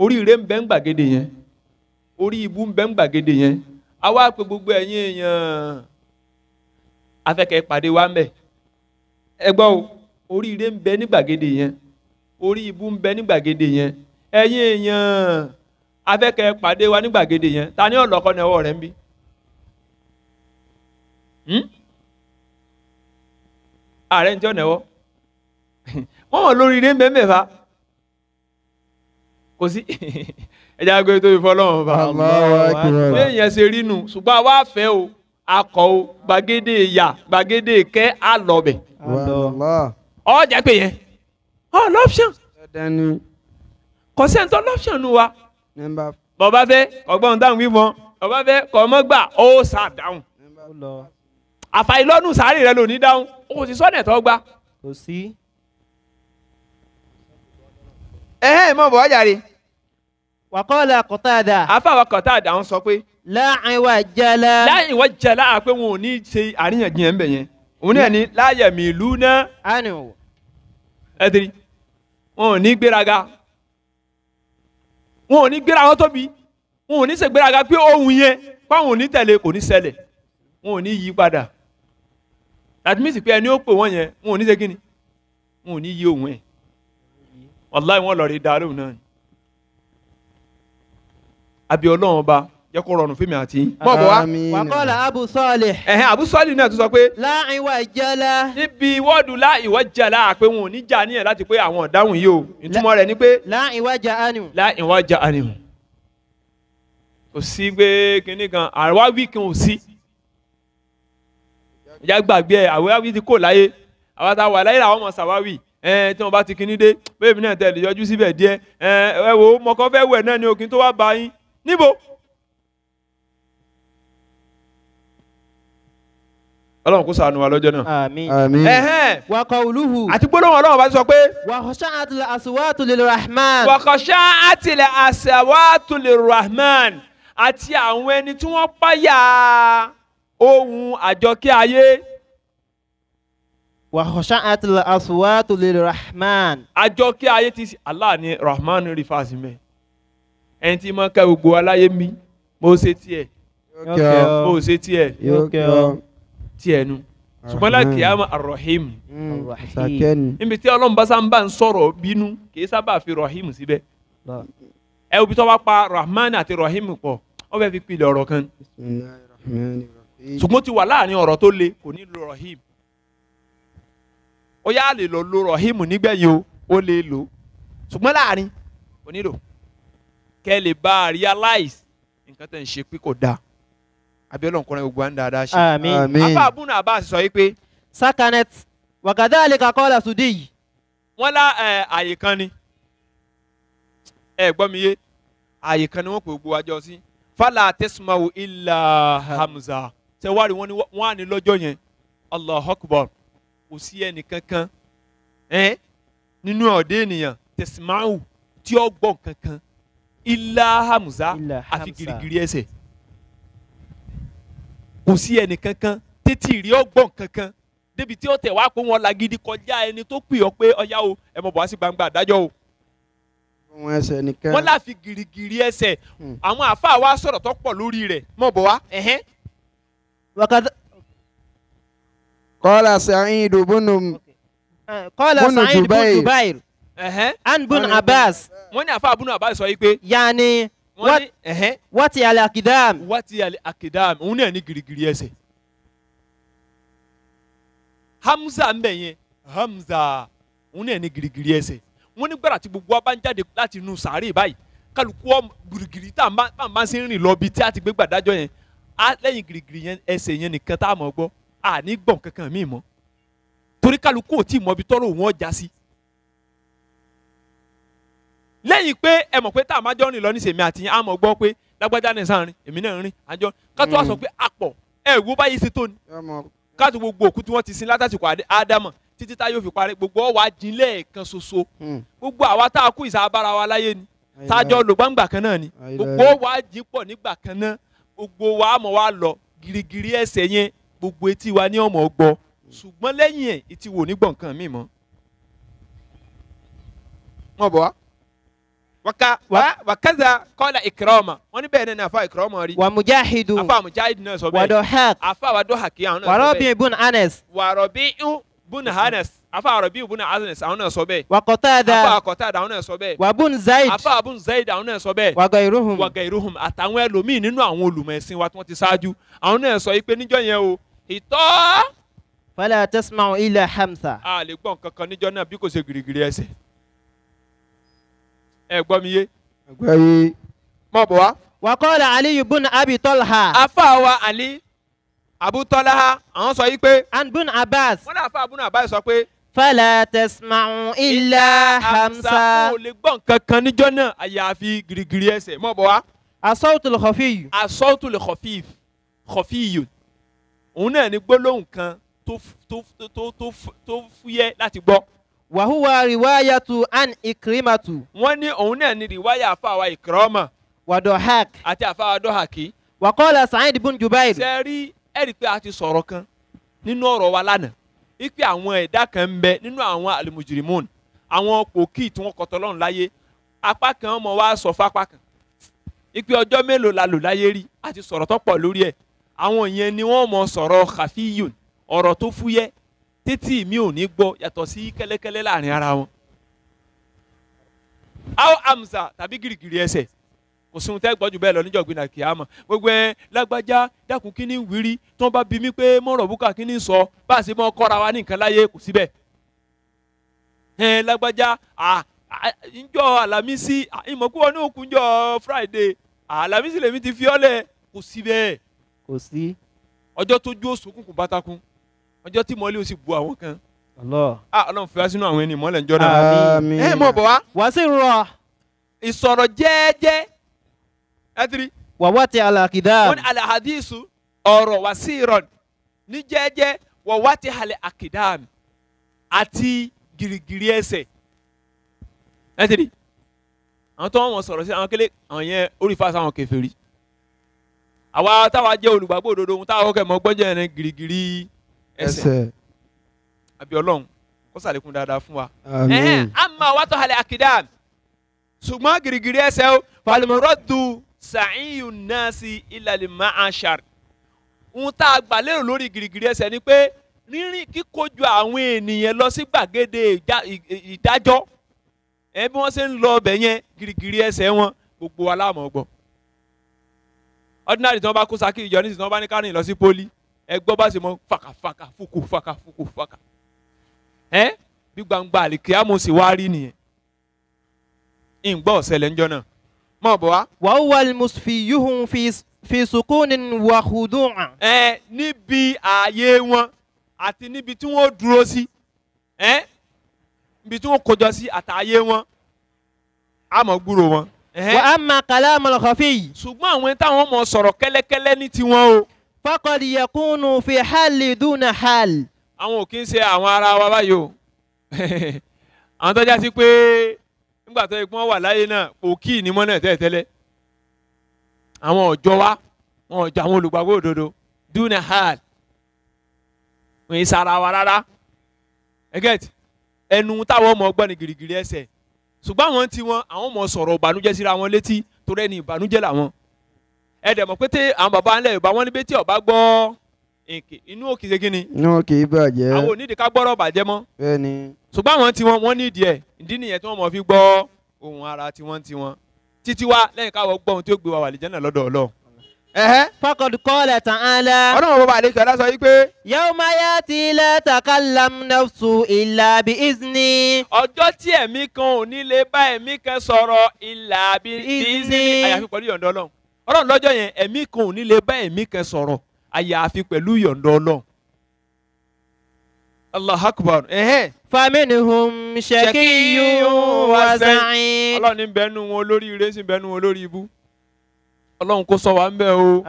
oríire ń bẹ ń gbàgede yẹn orí ibu ń bẹ ń gbàgede yẹn àwa pé gbogbo ẹ̀yin èèyàn afẹ́kẹ́ pàdé wa ń bẹ ẹ gbọ́ o oríire ń bẹ ní gbàgede yẹn orí ibu ń bẹ ní gbàgede yẹn ẹ̀yin èèyàn afẹ́kẹ́ pàdé wa ní gbàgede yẹn ta ni ọ̀lọ́kọ́ ni ọwọ́ rẹ̀ ń bí. Hmm? ààrẹ ń tí ọ̀nà ẹ̀wọ́ wọ́n lórí ilé ń bẹ mẹ́fà kò sí ẹja agbẹ tó fi fọlọ́run bá ṣé èèyàn ṣe rí nu ṣùgbọ́n àwa fẹ́ o akọ o gbàgede ìyà gbàgede ìkẹ́ àlọ́bẹ̀ ọjà pé yẹn ọ lọ́pṣọ̀n kò sẹ́ńtọ́ lọ́pṣọ̀n nu wa bọ̀bá fẹ́ ọgbọ́n dáhùn wíwọ́n bọ̀bá fẹ́ kọ́mọ́gbà ó sà dáhùn àfàìlọ́nù sàárì rẹ lò ní dáhùn o sì sọ́nà tó gbà. kò sí ẹ̀hẹ́n mọ̀ bọ̀ wájà rè. wàkọ́lá kọ́tàdà. àfàwà kọ́tàdà ń sọ pé. láàyìnwá jala. láàyìnwá jala pé wọn ò ní ṣe àríyànjiyàn ń bẹ̀ yẹn òun náà ni láyẹ̀mí ìlú náà. àní o. ẹ tiri wọn ò ní gbéraga wọn ò ní gbéraga tóbi wọn ò ní ṣègbéraga pé ohun yẹn fáwọn ò ní tẹ̀lé kò ní ṣẹlẹ̀ wọn ò ní yí padà that means pé ẹni ó pè wọ́n yẹn wọn ò ní ṣe kí wọn ò ní yí òun ẹ̀ wàláì wọn lọ́ọ́ rí dàrú náà àbí ọlọ́run ọba jẹ́ kó rọrùn fún mi àti yín. mọ̀ bọ̀ wá. wàkọ́lá abu sọ́ọ̀lì. ẹ̀hẹ́n abu sọ́ọ̀lì náà tún sọ pé. láàrin wa jẹ́lá. níbi wọ́ọ̀dù láì wọ́ jẹ́lá pé wọn ò ní jà níyẹn láti pé àwọn ọ̀dáhùn yìí o ìtumọ̀ rẹ̀ ni pé. láàrin wa jà ánìhùn. láàrin wa jà ánìhùn. kò sí pé kinní kan àwa wí kan ò sí. ìyá gbàgbé ẹ̀ àwa wí ti kò láyé àwa ta wà láyé làwọn ọmọ sàwáwì ẹ tí wọn bá ti kinní dé bẹ́ẹ̀ mi náà tẹ̀lé yọjú síbẹ̀ díẹ̀ ẹ ẹ wo mọ̀kọ́ fẹ́ wẹ̀ náà ni òkín tó wá bá yín níbo. ọlọ́run kó ṣàánú wa lọ́jọ́ náà. àmín. àmín. ẹhẹn. wa qawluhu. àti gbólóhùn ọlọ́run bá sọ pé. wa khasha'at al-aswatu Rahman. wa khasha'at al-aswatu lirrahman. àti àwọn ẹni tí wọ́n páyà ohun àjọkẹ́ ayé wàhùṣáàt aswatu lil rahman. àjọ kí ayé ti Allah ni rahman rí fásitì mẹ́ ẹni tí mo ká gbogbo aláyé mi mo ṣe tiẹ̀ mo ṣe tiẹ̀ tiẹ̀ nu ṣùgbọ́n láti yàrá arọ̀hìm níbi tí ọlọ́run bá sábà ń sọ̀rọ̀ bínú kì í sábà fi rọ̀hìm síbẹ̀ ẹ òbí tó bá pa rahman àti rọ̀hìm pọ̀ wọ́n fẹ́ fi pilẹ̀ ọ̀rọ̀ kan ṣùgbọ́n ti wà láàrin ọ̀rọ̀ tó le kò ní lo rọ̀hìm ó yá lè lọ lo rọ̀hímù nígbẹ̀yìn o ó lè lò ṣùgbọ́n láàrin kò kẹ́ lè bá a realize nǹkan tẹ̀ ń ṣe pé kò dáa abiola nkọrin gbogbo à ń dáadáa ṣe. àmín afa abuna abas sọ yìí pé. sakanet wàgàdá àlekà la sudi yìí. wọ́n lá àyè kan ni ẹ gbọ́ mi yé àyè kan ni wọ́n pè gbogbo àjọ sí fàlà tẹ̀sùmáwò ilà hamza tẹ̀wárí wọn ni lọ́jọ́ yẹn allah akbar kò sí ẹnì kankan ẹ nínú ọ̀dẹ́ ènìyàn tẹ̀símáwù tí ó gbọ́ kankan ilá hamza àfi girigiri ẹsẹ̀ kò sí ẹnì kankan tètè rí ó gbọ́ kankan débi tí ó tẹ̀ wá pé wọn lagidi kọjá ẹni tó pè ọ́ pé ọ̀yá o ẹ mọ̀ bọ̀ wá sí gbangba àdájọ́ o wọn ẹsẹ nìkan. wọn láfi girigiri ẹsẹ̀ hmm. àwọn àáfàá wa sọ̀rọ̀ tó pọ̀ lórí rẹ̀ mọ̀ bọ̀ wá. قال سعيد بن قال سعيد بن جبير عن بن عباس wọ́n ní àfa abúlé àbáyé sọ yìí pé. yanni wọ́n ti yàlẹ̀ akidam. What ti yàlẹ̀ akidam òun náà ní girigiri ẹsẹ̀. hamza ń bẹ̀ hamza òun náà ní girigiri ẹsẹ̀. wọ́n ní gbàrà tí gbogbo wa bá ń lati láti inú sàárè báyìí kálukú ọ girigiri tá a máa ń rìn lọ bí tí a ti gbé gbàdájọ́ yẹn lẹ́yìn girigiri yẹn ẹsẹ̀ yẹn nìkan tá a mọ̀ àní gbọ̀n kankan míì mọ́ torí kálukú ò tí ì mọ ibi tọ́rọ̀ òun ọjà sí. lẹ́yìn pé ẹ mọ̀ pé tá a máa jọ rìn lọ níṣèmi àtìyàn á mọ̀ gbọ́ pé lágbájá ní sáà rìn èmi náà rìn àjọ ká wá sọ mm. pé àpọ̀ ẹ wo báyìí ṣe tó ni ká tó gbogbo òkú tí wọ́n ti sin látàsìkò ádámọ̀ títí tá yóò fi parí gbogbo ọ̀wà jinlẹ̀ kan ṣoṣo mm. gbogbo àwa tá a kú ìsàbára wa láyé ni tájọ lò gbàǹgbà kan náà ni gbogbo ọ̀wà jìn pọ̀ nígbà kan náà gbogbo wa mọ̀ wá lọ girigiri ẹsẹ̀ yẹn gbogbo etí wa ní ọmọ gbọ, ṣùgbọ́n lẹ́yìn ẹ̀ etí wo ní gbọ́ mi mọ́. wọ́n bọ̀ wá. waka wa wakaza kọ́lá ìkìrọ́ọ̀mà wọ́n ní bẹ́ẹ̀ ni rí. wà mujahidu àfa mujahidu náà sọ bẹ́ẹ̀ wàdọ̀ hàk àfa wàdọ̀ hàkì àwọn náà sọ bẹ́ẹ̀ wàrọ̀bì anes. wàrọ̀bì bùn anes afa arabi anes àwọn náà sọ bẹ́ẹ̀. wà afa kọ́tàdà àwọn náà sọ bẹ́ẹ̀. wà bùn afa sọ bẹ́ẹ̀. wàgà iruhum ìtọ́. fala tasma'u ila hamsa. a lè gbọ́ nǹkan kan níjọ́ náà bí kò ṣe gìrìgìrì ẹsẹ̀. ẹ gbọ́ mi yé. ẹgbẹ́ yé. mọ̀ bọ̀ wá. wa qala ali ibn abi talha. afa wa ali abu talha àwọn sọ yìí pé. an bun abbas. wọ́n náà fa abun abbas sọ pé. fala tasma'u ila hamsa. o lè gbọ́ nǹkan kan náà àyàfi gìrìgìrì ẹsẹ̀ mọ̀ bọ̀ wá. asọ́wùtù lè kọfíyù. asọ́wùtù lè kọfíyù kọfíyù òun náà ni gbólóhùn kan tó tó tó tó tó fúyẹ́ láti gbọ́. wàhùwà tu an ìkírímàtù. wọ́n ní òun náà ni rìwáyà àfàwà ìkírọ́mà. wàdọ̀ hak. àti àfàwà dọ́hàkì. wàkọ́lá sàáyid bùn jùbáìr. ṣe rí ẹ̀rí pé a ti sọ̀rọ̀ kan nínú ọ̀rọ̀ wa lánàá ipe àwọn ẹ̀dá kan ń bẹ nínú àwọn alimujirimun àwọn pòkì tí wọ́n kọ̀tọ̀ lọ́run láyé apá kan ọmọ wa sọ fápá kan ipe ọjọ́ mélòó la lò láyé rí a ti sọ̀rọ̀ tọ́pọ̀ lórí ẹ̀ àwọn yẹn ni wọ́n mọ sọ̀rọ̀ khafiyun ọ̀rọ̀ tó fúyẹ́ tètè mi ò ní gbọ́ yàtọ̀ sí kẹ́lẹ́kẹ́lẹ́ láàrin ara wọn. aw amsa tàbí girigiri ẹsẹ̀ kò sí ohun tẹ́ gbọ́ jù bẹ́ẹ̀ lọ níjọ́ gbìnà kìámọ̀ gbogbo ẹ lágbájá dákun kí ni wírí tí wọ́n bá bi mí pé mọ̀rọ̀ búkà kí sọ bá a ṣe mọ́ kọ́ra wa ní nǹkan láyé kò síbẹ̀. ẹ lágbájá à njọ alamisi ìmọ̀kúwọ́ ní òkú njọ friday alamisi lèmi ti fi ọ́ lẹ̀ kò síbẹ̀ kò sí. ọjọ́ tó jó sókùnkùn bátakùn ọjọ́ tí mọ́lẹ́ o sì bu àwọn kan. Ah, ọlọ́run fìyà sínú àwọn ẹni mọ́lẹ̀ ń jọ́dá. ẹ mọ̀ bọ̀ wá. wá sí rọ. ìsọ̀rọ̀ jẹ́ẹ́jẹ́ ẹ tiri. wàwá ti alakida. wọ́n ní alahadisu ọ̀rọ̀ wá sí irọ́ ní jẹ́ẹ́jẹ́ wàwá ti halẹ̀ akida àti girigiri ẹsẹ̀ ẹ tiri. àwọn tó wọn sọ̀rọ̀ sí àwọn kélé àwọn yẹn orí fa sáwọn kèfèrí àwa táwa jẹ́ olùgbàgbọ́ òdodo ohun táwa kọ́kẹ́ mọ́ gbọ́njẹ́ ẹni gírígírí ẹsẹ̀ àbí ọlọ́run kó ṣàlékún dáadáa fún wa. àmà wa tó halẹ̀ àkìdá ṣùgbọ́n gírígírí ẹsẹ̀ o falimorodu sàyínyù náà sí ìlàlẹ̀ máa ṣàr. ohun tá a gbà lérò lórí gírígírí ẹsẹ̀ ni pé rírìn kíkojú àwọn ènìyàn lọ sí gbàgede ìdájọ́ ẹ bí wọ́n ṣe ń lọ ọbẹ̀ yẹn gírígírí ẹsẹ̀ wọn gbogbo aláàmọ̀ gbọ́ ordinary tí wọ́n bá kó saki ìjọ nísìsiyìí tí wọ́n bá ní kárìn lọ sí poli ẹ gbọ́ bá ṣe mọ fàkàfàkà fúkú fàkà fúkú fàkà ẹ bí gbangba àlìkíyàmù sì wá rí nìyẹn ìgbọ́ ọ̀sẹ̀lẹ̀ ńjọ náà mọ̀ bọ̀ wá. wàá wà musfiyuhun fi sukunin wa khudu'a. ẹ níbi ààyè wọn àti níbi tí wọ́n dúró sí ẹ níbi tí wọ́n kójọ sí àtààyè wọn àmọ́ gbúrò wọn. wa amma kalamul khafi. ṣùgbọ́n àwọn táwọn mọ̀ sọ̀rọ̀ kẹ́lẹ́kẹ́lẹ́ ní tiwọn o. faqad yakunu fi hali duna hal. àwọn Awọn okin ń ṣe àwọn ará wa báyìí o àwọn tó já pé nígbà tó yẹ kí wọ́n wà láyé náà òkì ni mọ́ tẹ́lẹ̀tẹ́lẹ̀ àwọn ọ̀jọ́ wa wọn ọ̀jọ́ àwọn olùgbàgbọ́ ẹnu táwọn ọmọ gírígírí ṣùgbọ́n àwọn ti wọn àwọn mọ̀ sọ̀rọ̀ ìbànújẹ́ síra wọn létí torí ẹni ìbànújẹ́ làwọn ẹ dẹ̀ mọ̀ pé tẹ àwọn baba ńlẹ̀ yorùbá wọn ní bẹ́ẹ̀ tí ọba gbọ́ èké inú òkè ṣe kíni. inú òkè ìbàjẹ́. àwọn onídìí ká gbọ́rọ̀ bàjẹ́ mọ́. bẹ́ẹ̀ni. ṣùgbọ́n àwọn tiwọn wọ́n ní ìdí ẹ̀ ìdí nìyẹn tí wọ́n mọ̀ fi gbọ́ ohun ara tiwọn tiwọn títí wá lẹ́yìn káwọ́ gbọ́ ohun tí ó gbé wa wà lè jẹ́ náà lọ́dọ̀ ọlọ́run fakọd kọ́lẹ̀ tán án la. ọlọ́run bọba àlejò ọlá sọ wípé. yawma yati la takallam nafsu illa bi izni. ọjọ́ tí ẹ̀mí kan ò ní lè bá ẹ̀mí kan sọ̀rọ̀ illa bi àyàfi pẹ̀lú yọ̀ǹda ọlọ́run ọlọ́run lọ́jọ́ yẹn ẹ̀mí kan ò ní lè bá ẹ̀mí kan sọ̀rọ̀ àyàfi pẹ̀lú yọ̀ǹda ọlọ́run. allah akbar. faminhum shakiyun wa sa'id. ọlọ́run ní bẹ́ẹ̀ nu wọn olórí ire sí bẹ́ẹ̀ nu wọn olórí ibú ọlọ́run kó sọ wa ń o.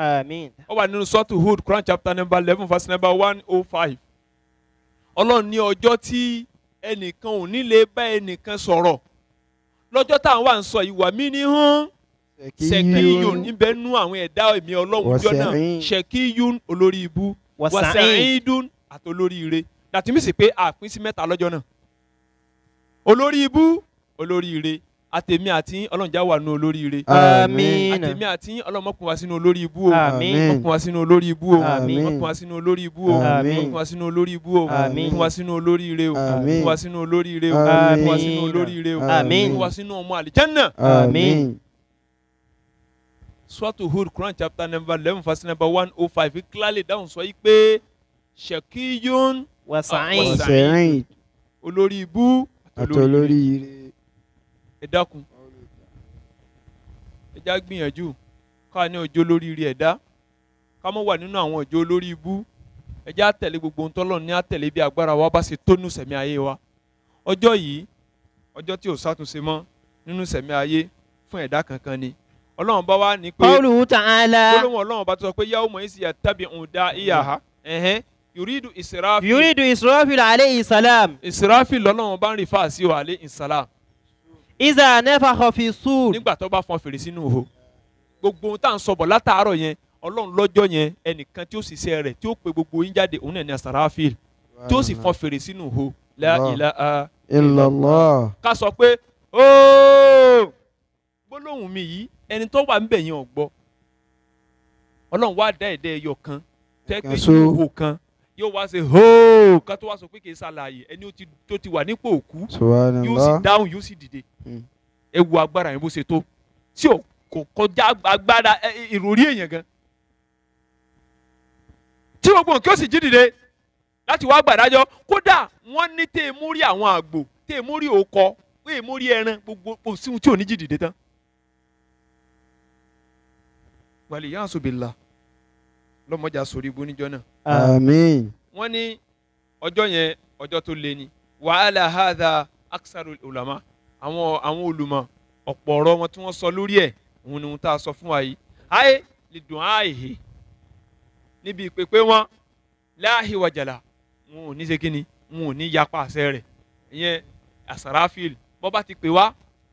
ó wà nínú sọ́ọ̀tù Hud Quran chapter number eleven verse number one oh five. ọlọ́run ní ọjọ́ tí ẹnìkan ò ní lè bá ẹnìkan sọ̀rọ̀ lọ́jọ́ tá à ń wà ń sọ ìwà mí ní hún ṣèkíyùn níbẹ̀ nú àwọn ẹ̀dá ẹ̀mí ọlọ́run jọ náà ṣèkíyùn olórí ibú wàsàáìdùn àti olórí ire dàtí mi sì pé àpín sí mẹ́ta lọ́jọ́ náà olórí ibú olórí ire àtèmi àti ọlọ́njà wà nù olóríire. àmín. àtèmi àti ọlọ́mọkùn wa sínú olórí ibú o. àmín. ọkùn wa sínú olórí ibú o. àmín. ọkùn wa sínú olórí ibú o. àmín. ọkùn wa sínú olórí ibú o. àmín. ọkùn wa sínú olóríire o. àmín. ọkùn wa sínú olóríire o. ọkùn wa sínú olóríire o. ọkùn wa sínú ọmọ àlìjánná. àmín. Suratu Quran chapter number eleven verse number one oh five clearly down sọ yìí pé ṣèkíyún. wàsàáyìn olórí ibú àti olórí ire ẹ dákun ẹ já gbìyànjú ká ní ọjọ́ lórí rí ẹ̀dá ká mọ̀ wà nínú àwọn ọjọ́ lórí ibú ẹ já tẹ̀lé gbogbo ohun tọ́lọ́run ní àtẹ̀lé bí agbára wa bá ṣe tónú sẹ̀mí ayé wa ọjọ́ yìí ọjọ́ tí ò sátúnṣe mọ́ nínú sẹ̀mí ayé fún ẹ̀dá kankan ni ọlọ́run bá wá ní pé Qawluhu ta'ala gbólóhùn ọlọ́run bá sọ pé yawma yattabi'u da'iyaha yuridu israfil yuridu israfil alayhi salam israfil lọ́lọ́run bá ń rìfà sí wa alayhi salam iza nefakha fi sur. nígbà tó bá fọn fèrè sínú ihò gbogbo ohun tá à ń sọ̀bọ̀ látàárọ̀ yẹn ọlọ́run lọ́jọ́ yẹn ẹnìkan tí ó ṣiṣẹ́ rẹ̀ tí ó pe gbogbo yín jáde òun náà ní asarafil tí ó sì fọn fèrè sínú ihò la ilaha illallah. ká sọ pé ooo gbólóhùn mi yìí ẹni tó wà níbẹ̀ yẹn ò ọlọ́run wá dá ẹ̀dá ẹyọ kan tẹ́gbẹ́ ìhò kan yóò wá ṣe hóò ká tó wá sọ pé kì í ṣàlàyé ẹni tó ti wà nípò òkú yóò sì dáhùn yóò sì dìde hmm. ẹ wo agbára yẹn bó ṣe tó tí ò kò kọjá agbára ìròrí èèyàn gan tí gbogbo nǹkan ó sì jí dìde láti wá gbàdájọ́ kódà wọ́n ní tẹ́ ẹ mórí àwọn àgbò tẹ́ ẹ mórí òkọ tẹ́ ẹ mórí ẹran gbogbo kò sí ohun tí ò ní jí dìde tán. wàlíyàn sùn bí la lọ́mọdé àsorí ibú níjọ́ náà. àmín. wọ́n ní ọjọ́ yẹn ọjọ́ tó le ni wàhálà hadha aksaru ulama àwọn àwọn olùmọ̀ ọ̀pọ̀ ọ̀rọ̀ wọn tí wọ́n sọ lórí ẹ̀ òun ni òun tá a sọ fún wa yìí ayé lè dùn áìhè níbi ìpèpè wọn láàhì wàjàlà wọn ò ní ṣe kí ni wọn ò ní yapa àṣẹ rẹ̀ ìyẹn àsàràfíìl bọ́ bá ti pè wá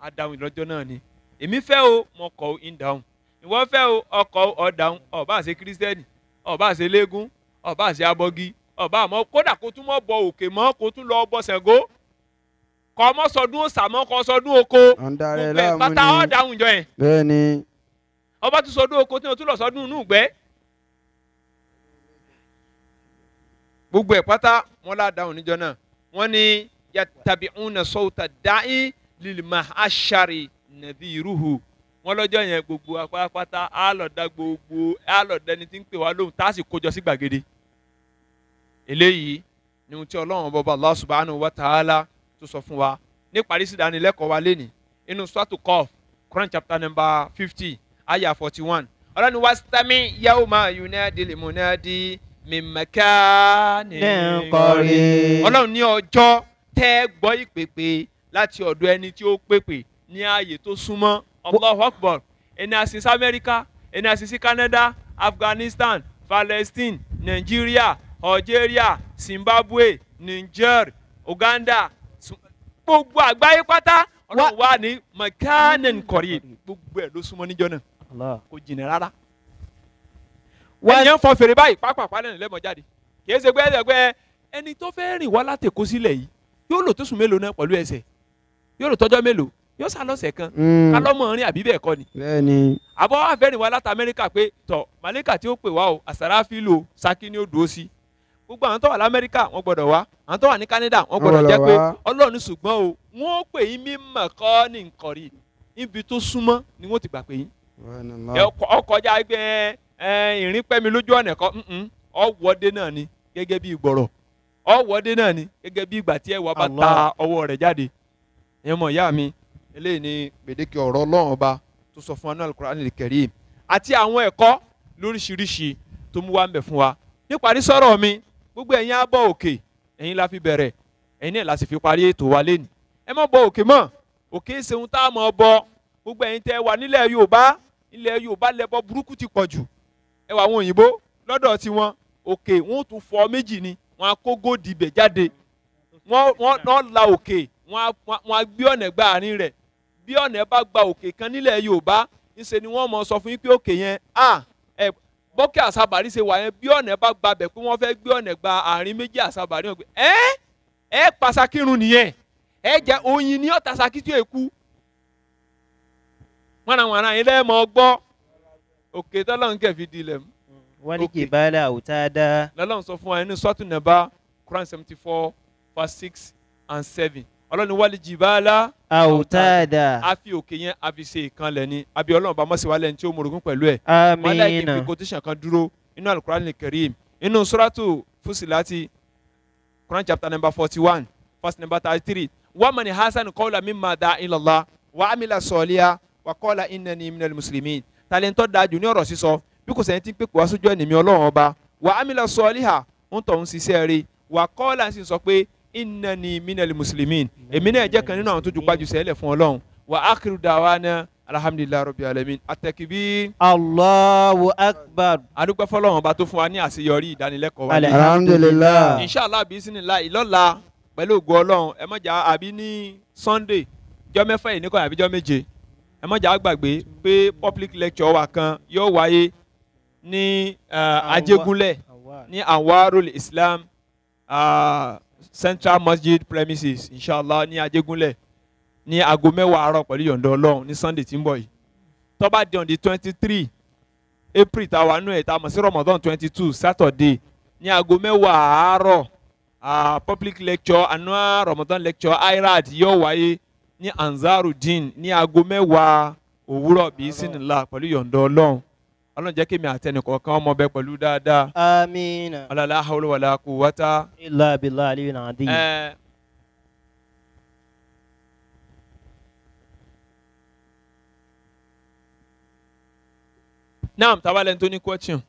á dáhùn ìlọ́jọ́ náà ni èmi fẹ́ o mo kọ̀ ọ́ ń dáhùn fẹ́ o ọkọ̀ ọ̀ dáhùn ọ̀ bá ṣe kírísítẹ́nì ọba àṣẹ lẹ́gùn ọba àṣẹ abọ́gi ọba àmọ́ kódà kó tún mọ́ bọ òkè mọ́ kó tún lọ bọ Ṣàngó kọ́ mọ́ sọdún òsàmọ́ kọ́ sọdún oko gbogbo pátá ọ̀dà àwùjọ yẹn. bẹ́ẹ̀ni. ọba tún sọdún oko tí wọn tún lọ sọdún inú ìgbẹ́. gbogbo ẹ̀ pátá wọn lá dáhùn níjọ náà wọn ni yàtàbí ń nà sọ́wọ́ta dáhìn lil mahashari nadhiruhu wọ́n lọ́jọ́ yẹn gbogbo apátápátá á lọ dá gbogbo á lọ dẹni tí ń pè wá lóhùn tá a sì kójọ sí gbàgede eléyìí ni ohun tí ọlọ́run bọba Allah subhanahu wa ta'ala tó sọ fún wa níparí sí ìdánilẹ́kọ̀ọ́ wa lẹ́nìí inú sọ́tù kọ́f Quran chapter number fifty ayah forty one ọlọ́run wá sítẹ́mì yawma yunadil munadi min makanin qarib ọlọ́run ní ọjọ́ tẹ́ gbọ́ ìpèpè láti ọ̀dọ̀ ẹni tí ó pèpè ní ààyè tó súnmọ́ allahu akbar ẹni àsìn sí amẹ́ríkà ẹni àsìn canada afghanistan palestine nigeria algeria zimbabwe niger uganda gbogbo àgbáyé pátá ọlọ́run wà ní makanan kọ̀rí gbogbo ẹ̀ ló súnmọ́ níjọ́ náà kò jìnnà rárá ẹ̀yẹ́ ń fọ fèrè báyìí pápápá lẹ́nu lẹ́mọ̀ jáde kìí ṣe gbẹ́ ẹ̀gbẹ́ ẹni tó fẹ́ rìn wá látẹ̀kọ́ sílẹ̀ yìí yóò lò tó sùn mélòó náà pẹ̀lú ẹsẹ̀ yóò lò tọ́jọ́ mélòó yóò sá lọ́sẹ̀ kan hmm. ká lọ́mọ rìn àbí bẹ́ẹ̀ kọ́ ni. bẹ́ẹ̀ni. àbọ̀ wà fẹ́rìn wa láti amẹ́ríkà pé tọ̀ màlíkà tí ó pè wá o àsàráfílù o Ṣakí ni ó dúró sí. gbogbo àwọn tó wà lamẹ́ríkà wọ́n gbọ́dọ̀ wá àwọn tó wà ní Canada wọ́n gbọ́dọ̀ jẹ́ pé ọlọ́run ṣùgbọ́n o wọ́n pè yín mímọ̀ kọ́ ní nkọ̀rí níbi tó súnmọ́ ni wọ́n ti gbà pé yín. ọkọjá gbẹ ìrìnpẹ́mi lójú ọ̀nà ẹ̀kọ́ ọwọ́dé ni gẹ́gẹ́ bí ìgbọ̀rọ̀ ọwọ́dé ni gẹ́gẹ́ bí ìgbà tí ẹ̀wà bá ta eléyìí ni gbèdéke ọ̀rọ̀ ọlọ́run ọba tó sọ fún wa náà Al-Qur'an al-Karim àti àwọn ẹ̀kọ́ lóríṣiríṣi tó mú wa ń bẹ̀ fún wa níparí sọ̀rọ̀ mi gbogbo ẹ̀yin abọ́ òkè ẹ̀yin la fi bẹ̀rẹ̀ ẹ̀yin náà la sì fi parí ètò wa lẹ́nu ẹ má bọ òkè mọ́ òkè ṣeun tá a mọ̀ bọ gbogbo ẹ̀yin tẹ́ wà nílẹ̀ Yorùbá nílẹ̀ Yorùbá lẹ́bọ burúkú ti pọ̀ jù ẹ wà àwọn òyìnbó lọ́dọ̀ tiwọn òkè wọn tún fọ méjì ni wọn á kó jáde wọn la òkè wọn á gbé ọ̀nà gbáàrin rẹ̀ bí ọ̀nà bá gba òkè kan nílẹ̀ yorùbá ńṣe ni wọ́n mọ sọ fún yín pé òkè yẹn a ẹ bọ́kẹ́ àṣàbàrí ṣe wà yẹn bí ọ̀nà bá gba bẹ̀ pé wọ́n fẹ́ gbé ọ̀nà gba àárín méjì àṣàbàrí wọn pé ẹ ẹ pàṣàkírun nìyẹn ẹ jẹ oyin ní ọ̀tàṣàkí tí èkú wọnàwọnà yín lẹ́ẹ̀ mọ́ gbọ́ òkè tọ́lọ́run kẹ̀ fi dilẹ̀ mú. wọ́n ní kìbálà àwùtáadá. lọ́lọ́run sọ fún wa nínú sọ́tún nàbà Quran seventy four verse six and seven ọlọ́ni wálé jìbálá. àwùtáàdà. a fi òkè yẹn a fi ṣe ìkànnlẹ̀ ni àbí ọlọ́run bá mọ̀sí wálé ẹni tí ó morogun pẹ̀lú ẹ̀. amiina wọn láì kí fi kan dúró inú alukurani karim inú suratu fusilati quran chapter number forty one verse number thirty three wa mani hasan kọ́ọ̀lá mimma da ilallah wa amila sọ̀ọ́líya wa kọ́ọ̀lá innani minal muslimin talentọ́ dájú ní ọ̀rọ̀ sísọ bí kò sẹ́ni tí ń pèpè wá sójú ẹ̀nìmí ọlọ́run ọba wa amila sọ̀ọ́líha ń tọ̀ ń ṣiṣẹ́ rí wa kọ́ọ̀lá ń sì sọ pé innani minal muslimin èmi náà jẹ́ kan nínú àwọn tó ju gbájú sẹ́lẹ̀ fún ọlọ́run wa akhiru da'wana alhamdulilayi rabbil alamin atẹkibi. allahu akbar. adúpẹ́ fọlọ́run ọba tó fún wa ní àṣeyọrí ìdánilẹ́kọ̀ọ́ wa. alhamdulilayi. inshallah bisimilayi lọ́la pẹ̀lú ògo ọlọ́run ẹ má jà àbí ní sunday jọ́ mẹ́fà yìí nìkan àbí jọ́ méje ẹ má jà gbàgbé pé public lecture wa kan yóò wáyé ní eh, ajégúnlẹ̀ ní anwarul islam. Uh, central masjid premises inshallah ní ajégúnlẹ̀ ní aago mẹ́wàá àárọ̀ pẹ̀lú yọ̀ǹda ọlọ́run ní sunday tí ń bọ̀ yìí tó di on the twenty three april táwa nù ẹ̀ tá a mọ̀ sí ramadan twenty two saturday ní aago mẹ́wàá àárọ̀ uh, public lecture annual ramadan lecture irad yóò wáyé ní din ní aago mẹ́wàá òwúrọ̀ bíi sínú ńlá pẹ̀lú yọ̀ǹda ọlọ́run ọlọ́run jẹ́ kí mi àtẹnìkọ̀ kan ọmọ bẹ pẹ̀lú dáadáa. amiina. alala hawlu wala quwwata. illa billahi aliyu nadi. ẹẹ naam tabalẹ̀ ntoni question.